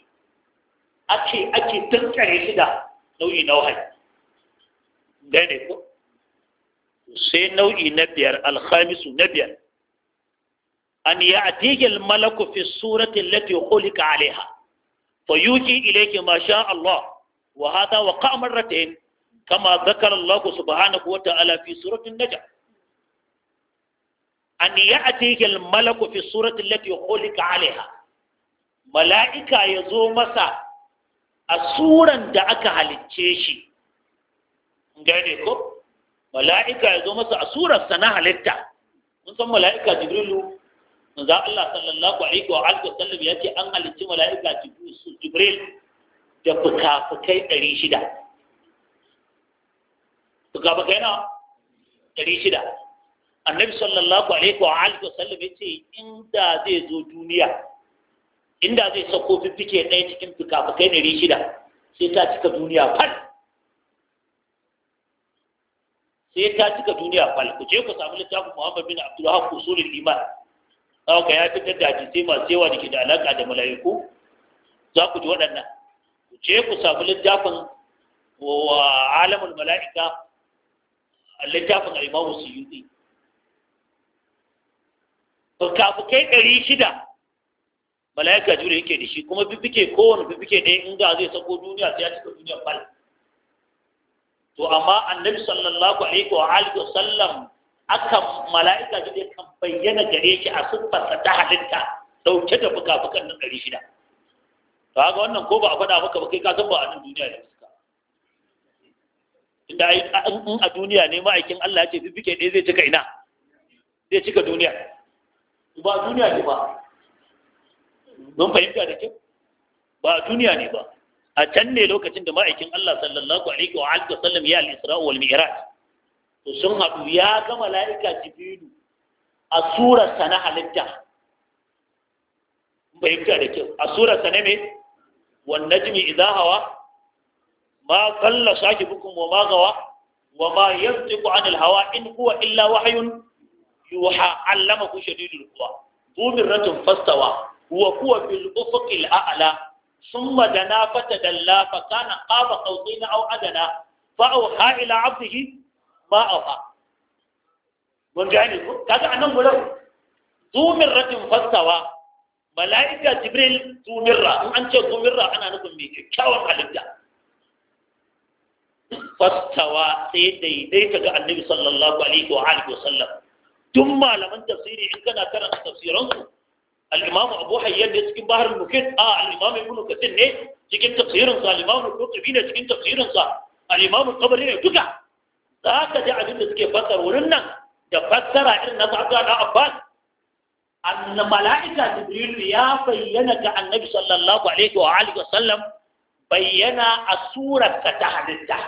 A: ake ake tankare shi da nau'i na wahayi gane ko sai nau'i na biyar alhamisu na biyar an yi atigil malaku fi surati lati khuliqa alaiha fa yuki ilayki ma sha Allah wa hada wa qamar ratain kama zakara Allah subhanahu wa ta'ala fi surati an-najm an yi atigil malaku fi surati lati khuliqa alaiha mala'ika ya zo masa a suran da aka halicce shi gane ko mala'ika ya zo masa a na halitta
B: mun san mala'ika
A: jibrilu Za Allah sallallahu alaihi wa alihi wasallam ya ce an halicci mala'ika jibril da fuka-fukai ɗari shida fuka-fukai na ɗari annabi sallallahu alaihi wa alihi wasallam ya ce inda zai zo duniya inda zai sako fiffike ɗaya cikin fikafikai ɗari shida sai ta cika duniya fal sai ta cika duniya fal ku je ku samu littafin muhammad bin abdullah usulul iman ka ya fitar da hadisai masu yawa da ke da alaƙa da mala'iku za ku ji waɗannan ku je ku samu littafin wa alamul mala'ika littafin al-imamu suyuti fikafikai ɗari shida mala'ika jure yake da shi kuma fiffike kowane fiffike ɗaya in ga zai sako duniya sai ya cika duniya bal to amma annabi sallallahu alaihi wa alihi wasallam aka mala'ika jure kan bayyana gare shi a siffarsa ta halitta dauke da fuka-fukan nan ɗari shida to haka wannan ko ba a faɗa maka ba kai ka san ba a nan duniya ne suka inda in a duniya ne ma'aikin Allah ya ce fiffike ɗaya zai cika ina zai cika duniya ba duniya ne ba mun fahimta da kyau ba a duniya ne ba a can ne lokacin da ma'aikin Allah sallallahu alaihi wa alihi wasallam ya al-Isra wal Mi'raj to sun haɗu ya ga mala'ika Jibrilu a surar sa na halitta bai da kyau a surar sa ne me wan najmi idha hawa ma qalla sakibukum wa ma gawa wa ma yantiqu anil hawa in huwa illa wahyun yuha allamahu shadidul quwa dhumratun fastawa wa huwa fil ufuqil a'la thumma dana fatadalla fa kana qaba qawdin aw adana fa awha ila 'abdihi ma afa mun gane ko kaga anan gurin zumirratin fastawa mala'ika jibril zumirra in an ce zumirra ana nufin mai kyakkyawan halitta fastawa sai daidaita ga annabi sallallahu alaihi wa alihi wasallam tun malaman tafsiri in kana karanta tafsiransu al-imam abu hayyan cikin bahar mukit a al-imam ibn kathir ne cikin tafsirin sa al-imam al-qurtubi ne cikin tafsirin al-imam al-tabari duka zaka ji abin da suke fassara wurin nan da fassara irin na sa'ad da abbas an mala'ika jibril ya bayyana ga annabi sallallahu alaihi wa sallam bayyana a ta halitta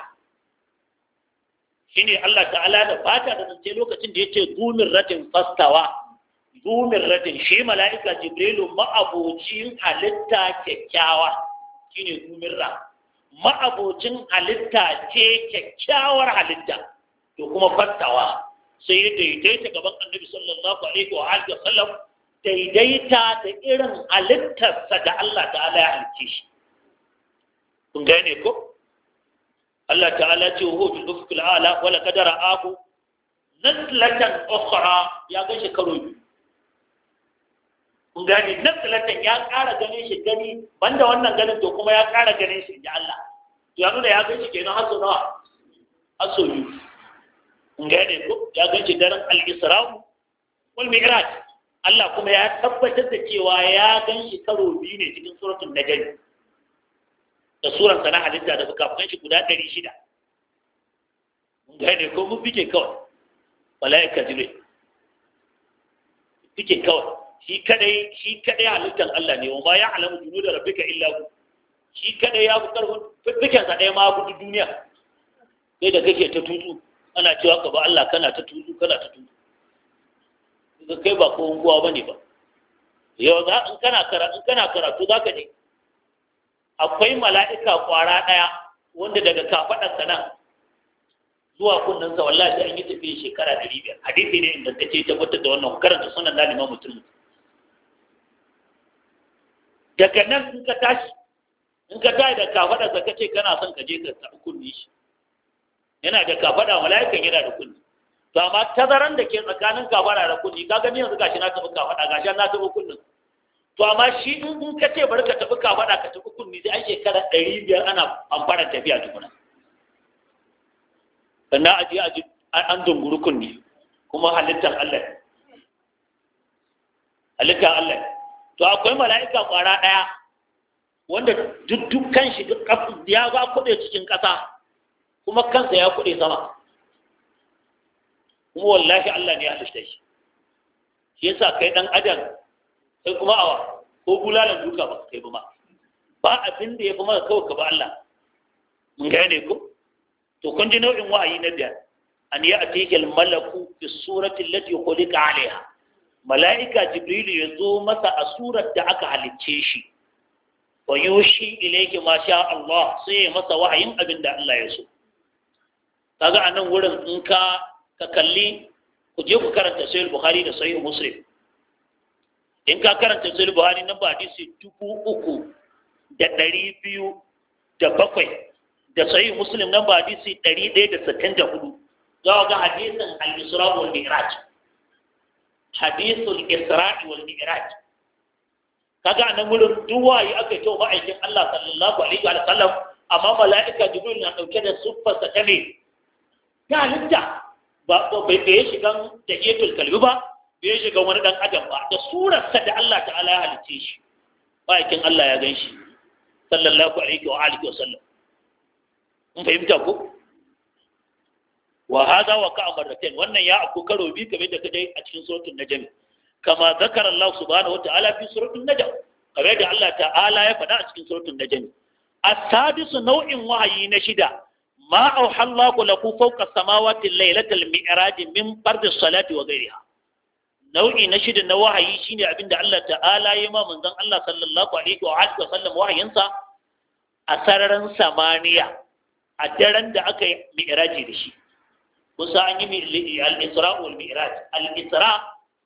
A: shine Allah ta'ala da bata da zance lokacin da yace dumin ratin fastawa zumin radin shi mala'ika jibrilu ma'abocin halitta kyakkyawa ne zumin ra ma'abocin halitta ce kyakkyawar halitta to kuma fattawa sai ya daidaita gaban annabi sallallahu alaihi wa alihi sallam daidaita da irin halittarsa da Allah ta'ala ya halicce shi kun gane ko Allah ta'ala ce huwa bil ufqil ala wala kadara aku nazlatan ukhra ya gashi karo biyu gani nan sulatan ya ƙara ganin shi gani banda wannan ganin to kuma ya ƙara ganin shi ji Allah to ya nuna ya ga shi kenan har nawa har so biyu kun ko ya ga shi daren al-isra'u wal mi'raj Allah kuma ya tabbatar da cewa ya gan shi karo biyu ne cikin suratul najm da suran sana halitta da fukafukan shi guda ɗari shida mun gane ko mun fike kawai mala'ika jibril fike kawai shi kadai shi kadai halittar Allah ne wa alamu ya'lamu da rabbika illa hu shi kadai ya fi karfin fifikin sa dai ma gudu duniya sai da kake ta tutu ana cewa ka ba Allah kana ta tutu kana ta tutu ga kai ba ko unguwa bane ba yau za in kana karatu in kana karatu zaka je akwai mala'ika kwara daya wanda daga kafadarsa nan zuwa kunnan sa wallahi an yi tafiya shekara biyar. hadisi ne inda kace tabbatar da wannan karanta sunan da limamu mutum daga nan in ka tashi in ka tashi da kafada zaka ce kana son ka je ka sabu kunni shi yana da kafada mala'ikan yana da kunni to amma tazaran da ke tsakanin kafada da kunni ka gani yanzu gashi na tafi kafada gashi na tafi kunni to amma shi in in ka ce bari ka tafi kafada ka tafi kunni sai an shekara ɗari biyar ana amfana tafiya tukuna sannan a je a ji an dunguri kunni kuma halittar Allah halittar Allah to akwai mala'ika kwara ɗaya wanda dukkan shi ya ga kuɗe cikin ƙasa kuma kansa ya kuɗe sama kuma wallahi Allah ne ya halitta shi shi yasa kai dan adam sai kuma awa ko bulalan duka ba kai ba ba abin da ya fi maka kawai ka ba Allah mun ne ko to kun ji nau'in wa'ayi na biyar an ya atikal malaku fi surati allati khuliqa alaiha mala'ika jibrilu ya zo masa a surar da aka halicce shi wa yoshi ilayki ma sha Allah sai ya masa wahayin abin da Allah ya so kaga a nan wurin in ka ka kalli ku je ku karanta sahih bukhari da sai muslim in ka karanta sahih bukhari na ba hadisi dubu uku da ɗari biyu da bakwai da sai muslim na ba hadisi ɗari ɗaya da sittin da hudu za ga hadisin al-isra wal mi'raj hadisul isra'i wal mi'raj kaga anan gurin duwaye aka ce ma'aikin Allah sallallahu alaihi wa sallam amma mala'ika jibril na dauke da suffa ta ne ga halitta ba bai bai shiga da iyatul kalbi ba bai shiga wani dan adam ba da sa da Allah ta'ala ya halice shi ma'aikin Allah ya ganshi sallallahu alaihi wa alihi wa sallam mun fahimta ko wa hadha wa ka marratayn wannan ya aku karo bi kamar da kaje a cikin suratul najm kama zakara Allah subhanahu wa ta'ala fi suratul najm kamar da Allah ta'ala ya faɗa a cikin suratul najm as-sadisu nau'in wahayi na shida ma auha Allah laku fawqa samawati laylatal mi'raj min fardhi salati wa ghayriha nau'i na shida na wahayi shine abinda Allah ta'ala ya ma manzon Allah sallallahu alaihi wa alihi wa sallam wahayinsa a sararin samaniya a daren da aka yi mi'raji da shi musa an yi al-isra wal mi'raj al-isra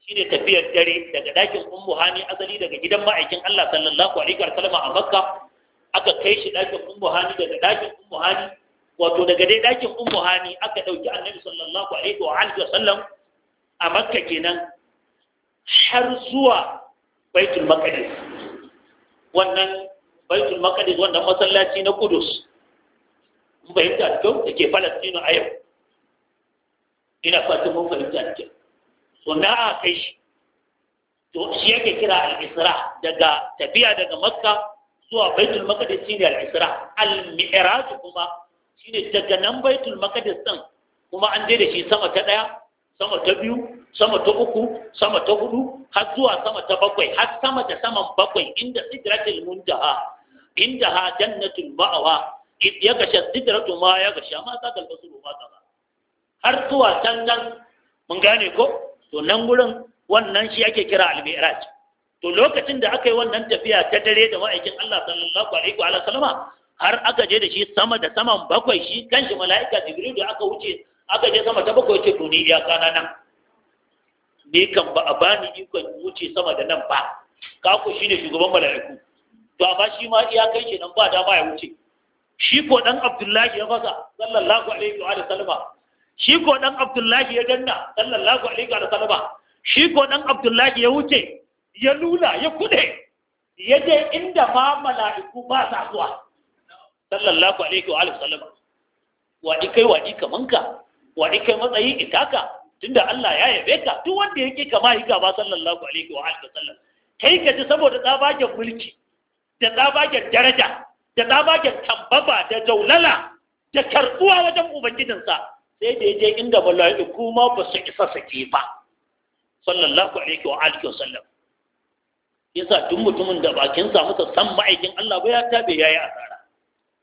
A: shine tafiyar dare daga dakin ummu hani asali daga gidan ma'aikin Allah sallallahu alaihi wa sallam a makka aka kai shi dakin ummu hani daga dakin ummu hani wato daga dai dakin ummu hani aka dauki annabi sallallahu alaihi wa sallam a makka kenan har zuwa baitul maqdis wannan baitul maqdis wannan masallaci na kudus mun bayyana da kyau dake falastinu a yau ina fatan mun fahimta da kyau so na a kai shi to shi yake kira al-isra daga tafiya daga makka zuwa baitul maqdis shine al-isra al-mi'raj kuma shine daga nan baitul maqdis din kuma an je da shi sama ta daya sama ta biyu sama ta uku sama ta hudu har zuwa sama ta bakwai har sama ta saman bakwai inda sidratul muntaha inda ha jannatul ma'awa ya gasha sidratu ma ya gasha ma ta galbasu ba ta har zuwa can nan mun gane ko to nan gurin wannan shi ake kira al-mi'raj to lokacin da aka yi wannan tafiya ta dare da ma'aikin Allah sallallahu alaihi wa sallama har aka je da shi sama da saman bakwai shi kanshi mala'ika jibril da aka wuce aka je sama ta bakwai ce to ya kana nan ni kan ba a bani ikon wuce sama da nan ba ka ku shine shugaban mala'iku to amma shi ma iya kai shi nan ba da ba ya wuce shi ko dan Abdullahi ya fasa sallallahu alaihi wa sallama shi ko dan abdullahi ya danna sallallahu alaihi wa sallama shi ko dan abdullahi ya wuce ya lula ya kude ya je inda ma mala'iku ba sa zuwa sallallahu alaihi wa sallama wa kai wa kaman ka wa kai matsayi itaka tunda Allah ya yabe ka duk wanda yake kama hika ba sallallahu alaihi wa sallam kai ka ji saboda tsabagen mulki da tsabagen daraja da tsabagen tambaba da jaulala da karbuwa wajen ubangijinsa sai da je inda mala'iku kuma ba su isa sake ba sallallahu alaihi wa alihi wa sallam yasa duk mutumin da bakin sa muka san ma'aikin Allah ba ya tabe yayi asara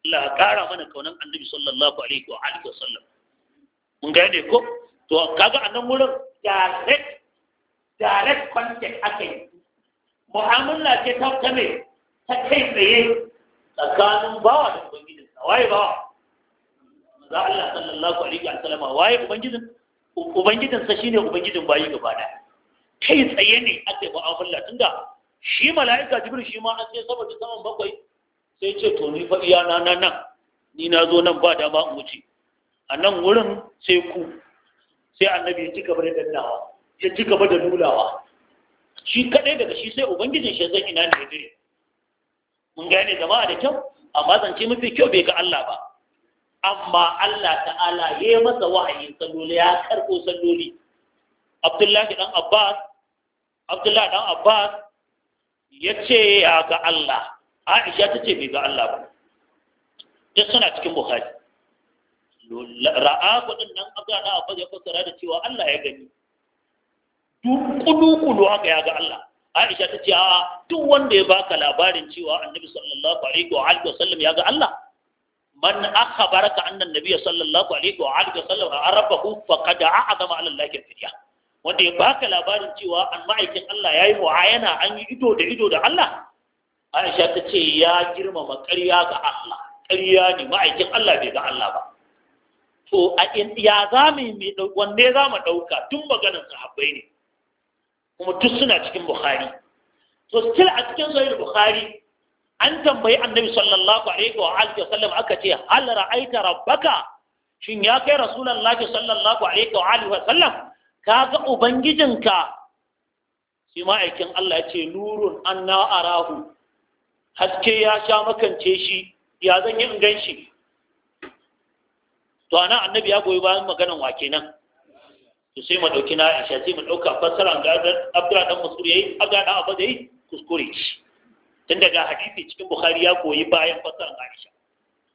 A: Allah ya kara mana kaunan annabi sallallahu alaihi wa alihi wa sallam mun ga ne ko to kaga a nan wurin direct direct contact ake mu'amala ce ta ta me ta kai tsaye tsakanin bawa da ubangijinsa waye bawa Za Allah sallallahu alaihi wa sallam waye ubangijin ubangijin sa shine ubangijin bayi gaba da kai tsaye ne aka yi mu'amala tunda shi mala'ika jibril shi ma an ce saboda saman bakwai sai ce to ni fa iya na nan ni na zo nan ba dama in wuce a nan wurin sai ku sai annabi ya ci gaba da dannawa ya ci gaba da nulawa shi kadai daga shi sai ubangijin shi zan ina ne dire mun gane jama'a da kyau amma zance mafi kyau bai ga Allah ba amma Allah ta'ala ya yi masa wahayin salloli ya karɓo salloli Abdullahi dan Abbas Abdullahi dan Abbas ya ce ya ga Allah Aisha ta ce bai ga Allah ba duk suna cikin buhari ra'a kudin nan Abdullahi dan Abbas ya fassara da cewa Allah ya gani duk kudu haka ya ga Allah Aisha ta ce a duk wanda ya baka labarin cewa Annabi sallallahu alaihi wa sallam ya ga Allah man akhbaraka anna an-nabiy sallallahu alaihi wa alihi wasallam arafahu faqad a'zama 'ala Allah fiya wanda ya baka labarin cewa an ma'aikin Allah ya yi mu'ayana an yi ido da ido da Allah Aisha ta ce ya girmama ƙarya ga Allah ƙarya ne ma'aikin Allah bai ga Allah ba to a in ya za mu yi wanne za mu ɗauka tun maganar sahabbai ne kuma duk suna cikin Bukhari to still a cikin sahih Bukhari an tambayi annabi sallallahu alaihi wa alihi wasallam aka ce hal ra'aita rabbaka shin ya kai rasulullahi sallallahu alaihi wa alihi wasallam ka ga ubangijinka shi ma'aikin Allah ya ce nurun anna arahu
B: haske ya sha makance
A: shi ya zan yi in shi to ana annabi ya goyi bayan maganan wa kenan to sai mu dauki na Aisha sai mu dauka fassara ga Abdullah dan Mas'ud yayi Abdullah dan Abbas yayi kuskure shi tun daga hadisi cikin bukhari ya koyi bayan fasaran aisha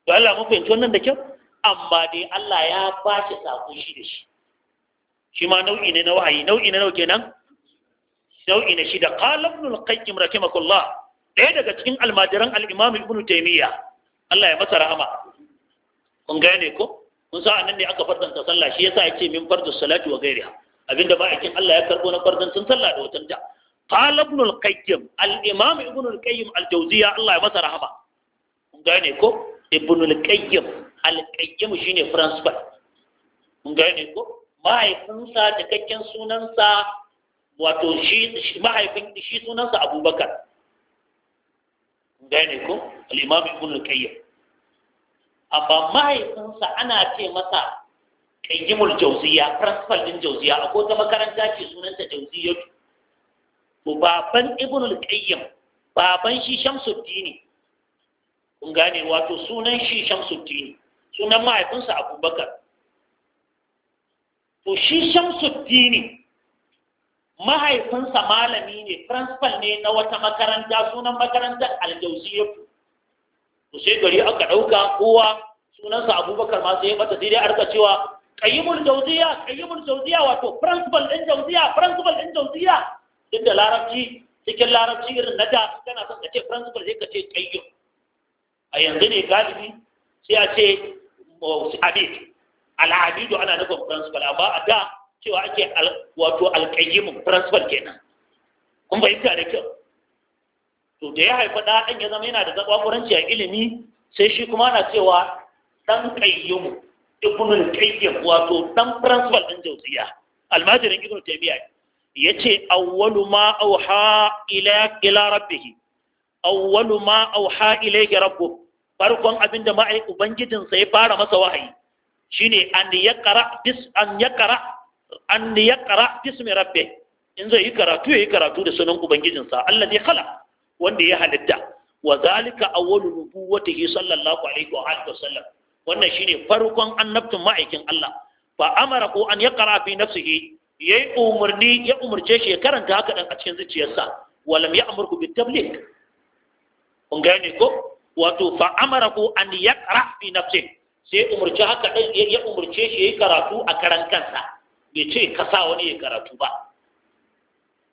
A: to Allah mun fahimci wannan da kyau amma dai Allah ya ba shi sako shi da shi shi ma nau'i ne na wahayi nau'i ne nawa kenan nau'i ne shi da qala ibn al-qayyim rahimakullah dai daga cikin almajiran al-imam ibn taymiya Allah ya masa rahama kun gane ko kun sa nan ne aka fardanta sallah shi yasa yace min fardus salati wa ghairiha abinda ba yakin Allah ya karbo na fardancin sallah da wutanta qala ibn al-qayyim al-imam ibn al al-jawziya Allah ya masa rahama mun ne ko ibn al-qayyim al-qayyim shine principal mun ne ko mahaifinsa cikakken sunansa wato shi mahaifin shi sunansa abubakar mun ne ko al-imam ibn al amma mahaifinsa ana ce masa qayyimul jawziya principal din jawziya akwai ta makaranta ce sunanta jawziyatu to baban ibn al-qayyim baban shi shamsuddin kun gane wato sunan shi shamsuddin sunan mahaifinsa abubakar to shi shamsuddin mahaifinsa malami ne principal ne na wata makaranta sunan makarantar aljausiyatu to sai gari aka ɗauka kowa sunansa abubakar ma sai mata daidai arka cewa kayyimul jauziya kayyimul jauziya wato principal ɗin jauziya principal ɗin jauziya inda da larabci cikin larabci irin na da kana son ka ce principal sai ka ce a yanzu ne galibi sai a ce abid al'abidu ana nufin principal amma a da cewa ake wato alƙayyimu principal kenan kun fahimta da kyau to da ya haifa da ɗan ya zama yana da zaɓaɓuranci a ilimi sai shi kuma na cewa ɗan ƙayyimu ibnul qayyim wato ɗan principal ɗin jauziya almajirin ibn taymiya Ya ce awwalu ma auha ila ila rabbihi awwalu ma auha ilayhi rabbu farkon abinda ma ubangijin sai ya fara masa wahayi shine an yaqra bis an yaqra an yaqra bismi rabbih in zai yi karatu yayi karatu da sunan ubangijin sa Allah khala wanda ya halitta wa zalika awwalu nubuwwatihi sallallahu alaihi wa alihi wasallam wannan shine farkon annabtun ma'aikin Allah fa amara ko an yaqra fi nafsihi yayi umarni ya umarce shi ya karanta haka dan a cikin zuciyarsa walam amurku bi tabligh kun gane ko wato fa ku an yaqra fi nafsi sai umarci haka dan ya umarce shi yayi karatu a karan kansa bai ce ka sa wani ya karatu ba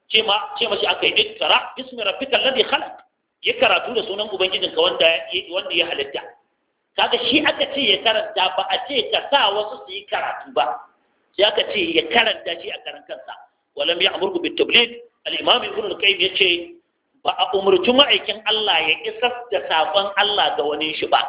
A: ce ma ce mashi aka yi iqra bismi rabbikal ladi khalaq ya karatu da sunan ubangijinka wanda wanda ya halitta kaga shi aka ce ya karanta ba a ce ka sa wasu su yi karatu ba ya ka ce ya karanta shi a karan kansa walam ya amurku bi tablet al-imam ibn al-qayyim yace ba a umurci ma'aikin Allah ya isar da sakon Allah ga wani shi ba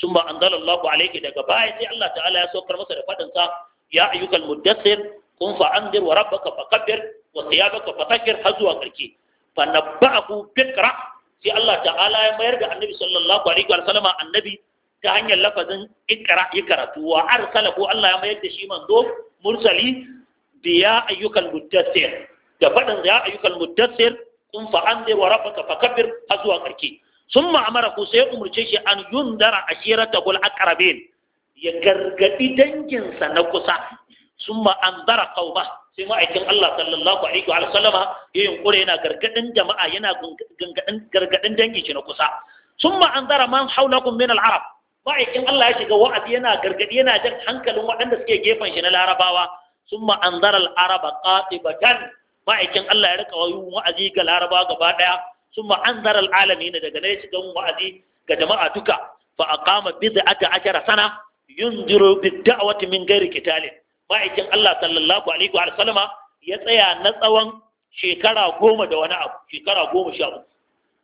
A: sun ba anzalallahu alayki daga baya sai Allah ta'ala ya saukar masa da fadin sa ya ayyukal muddassir kun fa anzir wa rabbaka fakabbir wa thiyabaka fatakir har zuwa karki fa nabba'ahu bikra sai Allah ta'ala ya mayar da annabi sallallahu alaihi wa sallama annabi ta hanyar lafazin ikra ya karatu wa arsala ko Allah ya mayar da shi manzo mursali da ya ayyukan muddassir da faɗin ya ayyukan muddassir kun fa'andir wa rabbaka fakabbir har zuwa ƙarke sun ma'amara ku sai umarce shi an yundara ashirata gul aqrabin ya gargadi danginsa na kusa sun ma'andara qauma sai ma'aikin Allah sallallahu alaihi wa sallama ya yunkure yana gargadin jama'a yana gargadin dangi shi na kusa sun ma'andara man haulakun min al-arab ma'aikin Allah ya shiga wa'azi yana gargadi yana jan hankalin waɗanda suke gefen shi na larabawa sun ma'anzar al'araba ƙatibatan ma'aikin Allah ya rika wayu wa'azi ga larabawa gaba ɗaya sun ma'anzar al'alami ne daga nan ya shiga wa'azi ga jama'a duka fa aqama bid'ata ashara sana yunziru bid-da'wati min ghairi qitalin ma'aikin Allah sallallahu alaihi wa ya tsaya na tsawon shekara goma da wani abu shekara goma sha uku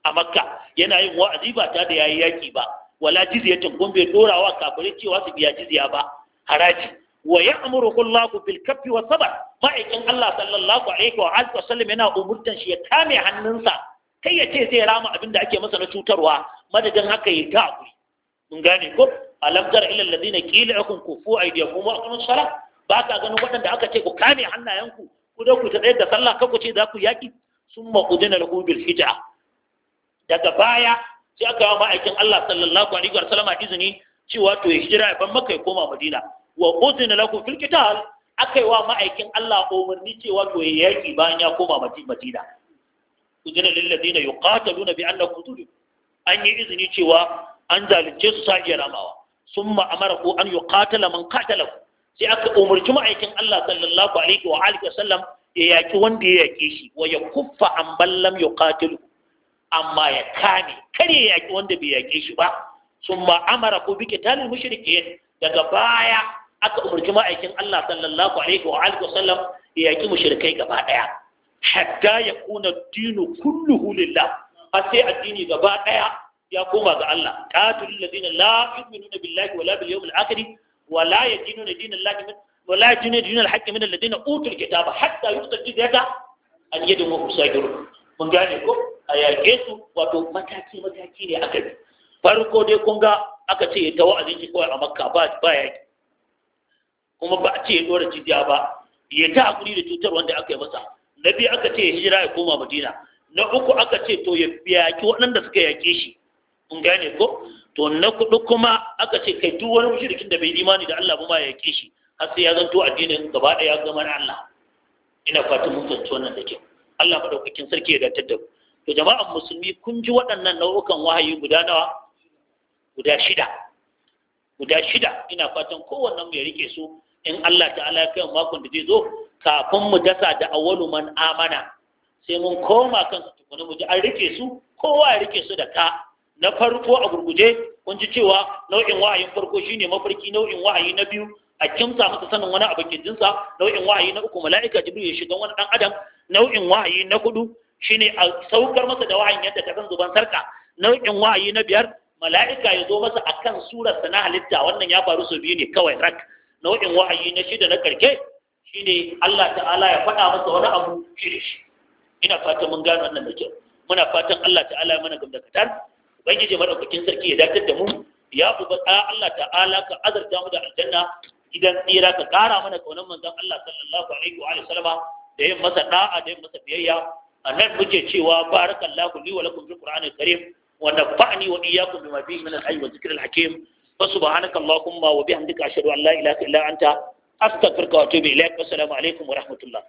A: a makka yana yin wa'azi ba ta da yayi yaki ba wala jizyatan kun bai dora wa kafirai cewa su biya jizya ba haraji wa ya'muruhu Allah bil kaffi wa sabr ma'aikin Allah sallallahu alaihi wa alihi wa sallam yana umurtan shi ya kame hannunsa kai ya ce zai rama abin da ake masa na cutarwa madadin haka ya ta abu mun gane ko alam tara ila alladhina qila lakum kufu aydiyakum wa aqimus salat ba ka ganin waɗanda aka ce ku kame hannayenku ku da ku ta tsayar da sallah ka ce za ku yaƙi sun maƙudin alhubil hijira daga baya sai aka yi ma'aikin Allah sallallahu alaihi wa sallama izini cewa to ya hijira ya ban maka ya koma Madina wa uzina lakum fil qital akai wa ma'aikin Allah umarni cewa to ya yaki bayan ya koma Madina uzina lil ladina yuqataluna bi annakum tudu an yi izini cewa an zalunce su sai ramawa summa amara ku an yuqatala man qatala sai aka umarci ma'aikin Allah sallallahu alaihi wa alihi wa sallam ya yaki wanda ya yake shi wa ya kuffa an ballam yuqatilu amma ya kame kare ya yaƙi wanda bai yaƙe shi ba sun ma amara ko bike talin mushrikin daga baya aka umarci ma'aikin Allah sallallahu alaihi wa alihi wasallam ya yaƙi mushrikai gaba ɗaya hatta ya kuna dinu kulluhu lillah har sai addini gaba ɗaya ya koma ga Allah qatul ladina la yu'minuna billahi wala bil yawmil akhir wala yadinuna dinallahi wala yadinuna dinal haqqi min alladina utul kitaba hatta yu'tul jizyata an wa mun gane ko a yaƙe su wato mataki mataki ne aka bi farko dai kun ga aka ce ya tawo azinci kawai a makka ba ba yaƙi kuma ba a ce ya dora cibiya ba ya ta hakuri da cutar wanda aka yi masa na biyu aka ce ya hijira ya koma madina na uku aka ce to ya yaƙi waɗanda suka yaƙe shi kun gane ko to na kuɗi kuma aka ce kai duk wani mushrikin da bai imani da Allah ba ma ya yaƙe shi har sai ya zanto addinin gaba ɗaya ya zama na Allah ina fatan mun fahimci wannan da kyau Allah madaukakin sarki ya datar da mu to jama'an musulmi kun ji waɗannan nau'ukan wahayi guda nawa guda shida guda shida ina fatan kowanne mu ya rike su in Allah ta'ala ya kai makon da zai zo kafin mu dasa da awwalu man amana sai mun koma kan su tukuna mu ji an rike su kowa ya rike su da ka na farko a gurguje kun ji cewa nau'in wahayin farko shine mafarki nau'in wahayi na biyu a kimsa masa sanin wani abu jinsa nau'in wahayi na uku mala'ika jibril ya shiga wani dan adam nau'in wahayi na hudu shine a saukar masa da wahayin yadda ka san zuban sarka nau'in wahayi na biyar mala'ika ya zo masa akan surar sa na halitta wannan ya faru sau biyu ne kawai rak nau'in wahayi na shida na karke shine Allah ta'ala ya faɗa masa wani abu shiri shi ina fatan mun gano wannan da kyau muna fatan Allah ta'ala ya mana gamdakatar ubangiji madaukakin sarki ya dakatar da mu ya uba Allah ta'ala ka azarta mu da aljanna idan tsira ka kara mana kaunar manzon Allah sallallahu alaihi wa sallama da yin masa da'a da yin masa biyayya a nan muke cewa barakallahu li wa lakum fil qur'anil karim wa nafa'ni wa iyyakum bima fihi min al-ayyi wa dhikril hakim wa subhanaka wa bihamdika ashhadu an la ilaha illa anta astaghfiruka wa atubu ilaik wa assalamu alaikum wa rahmatullah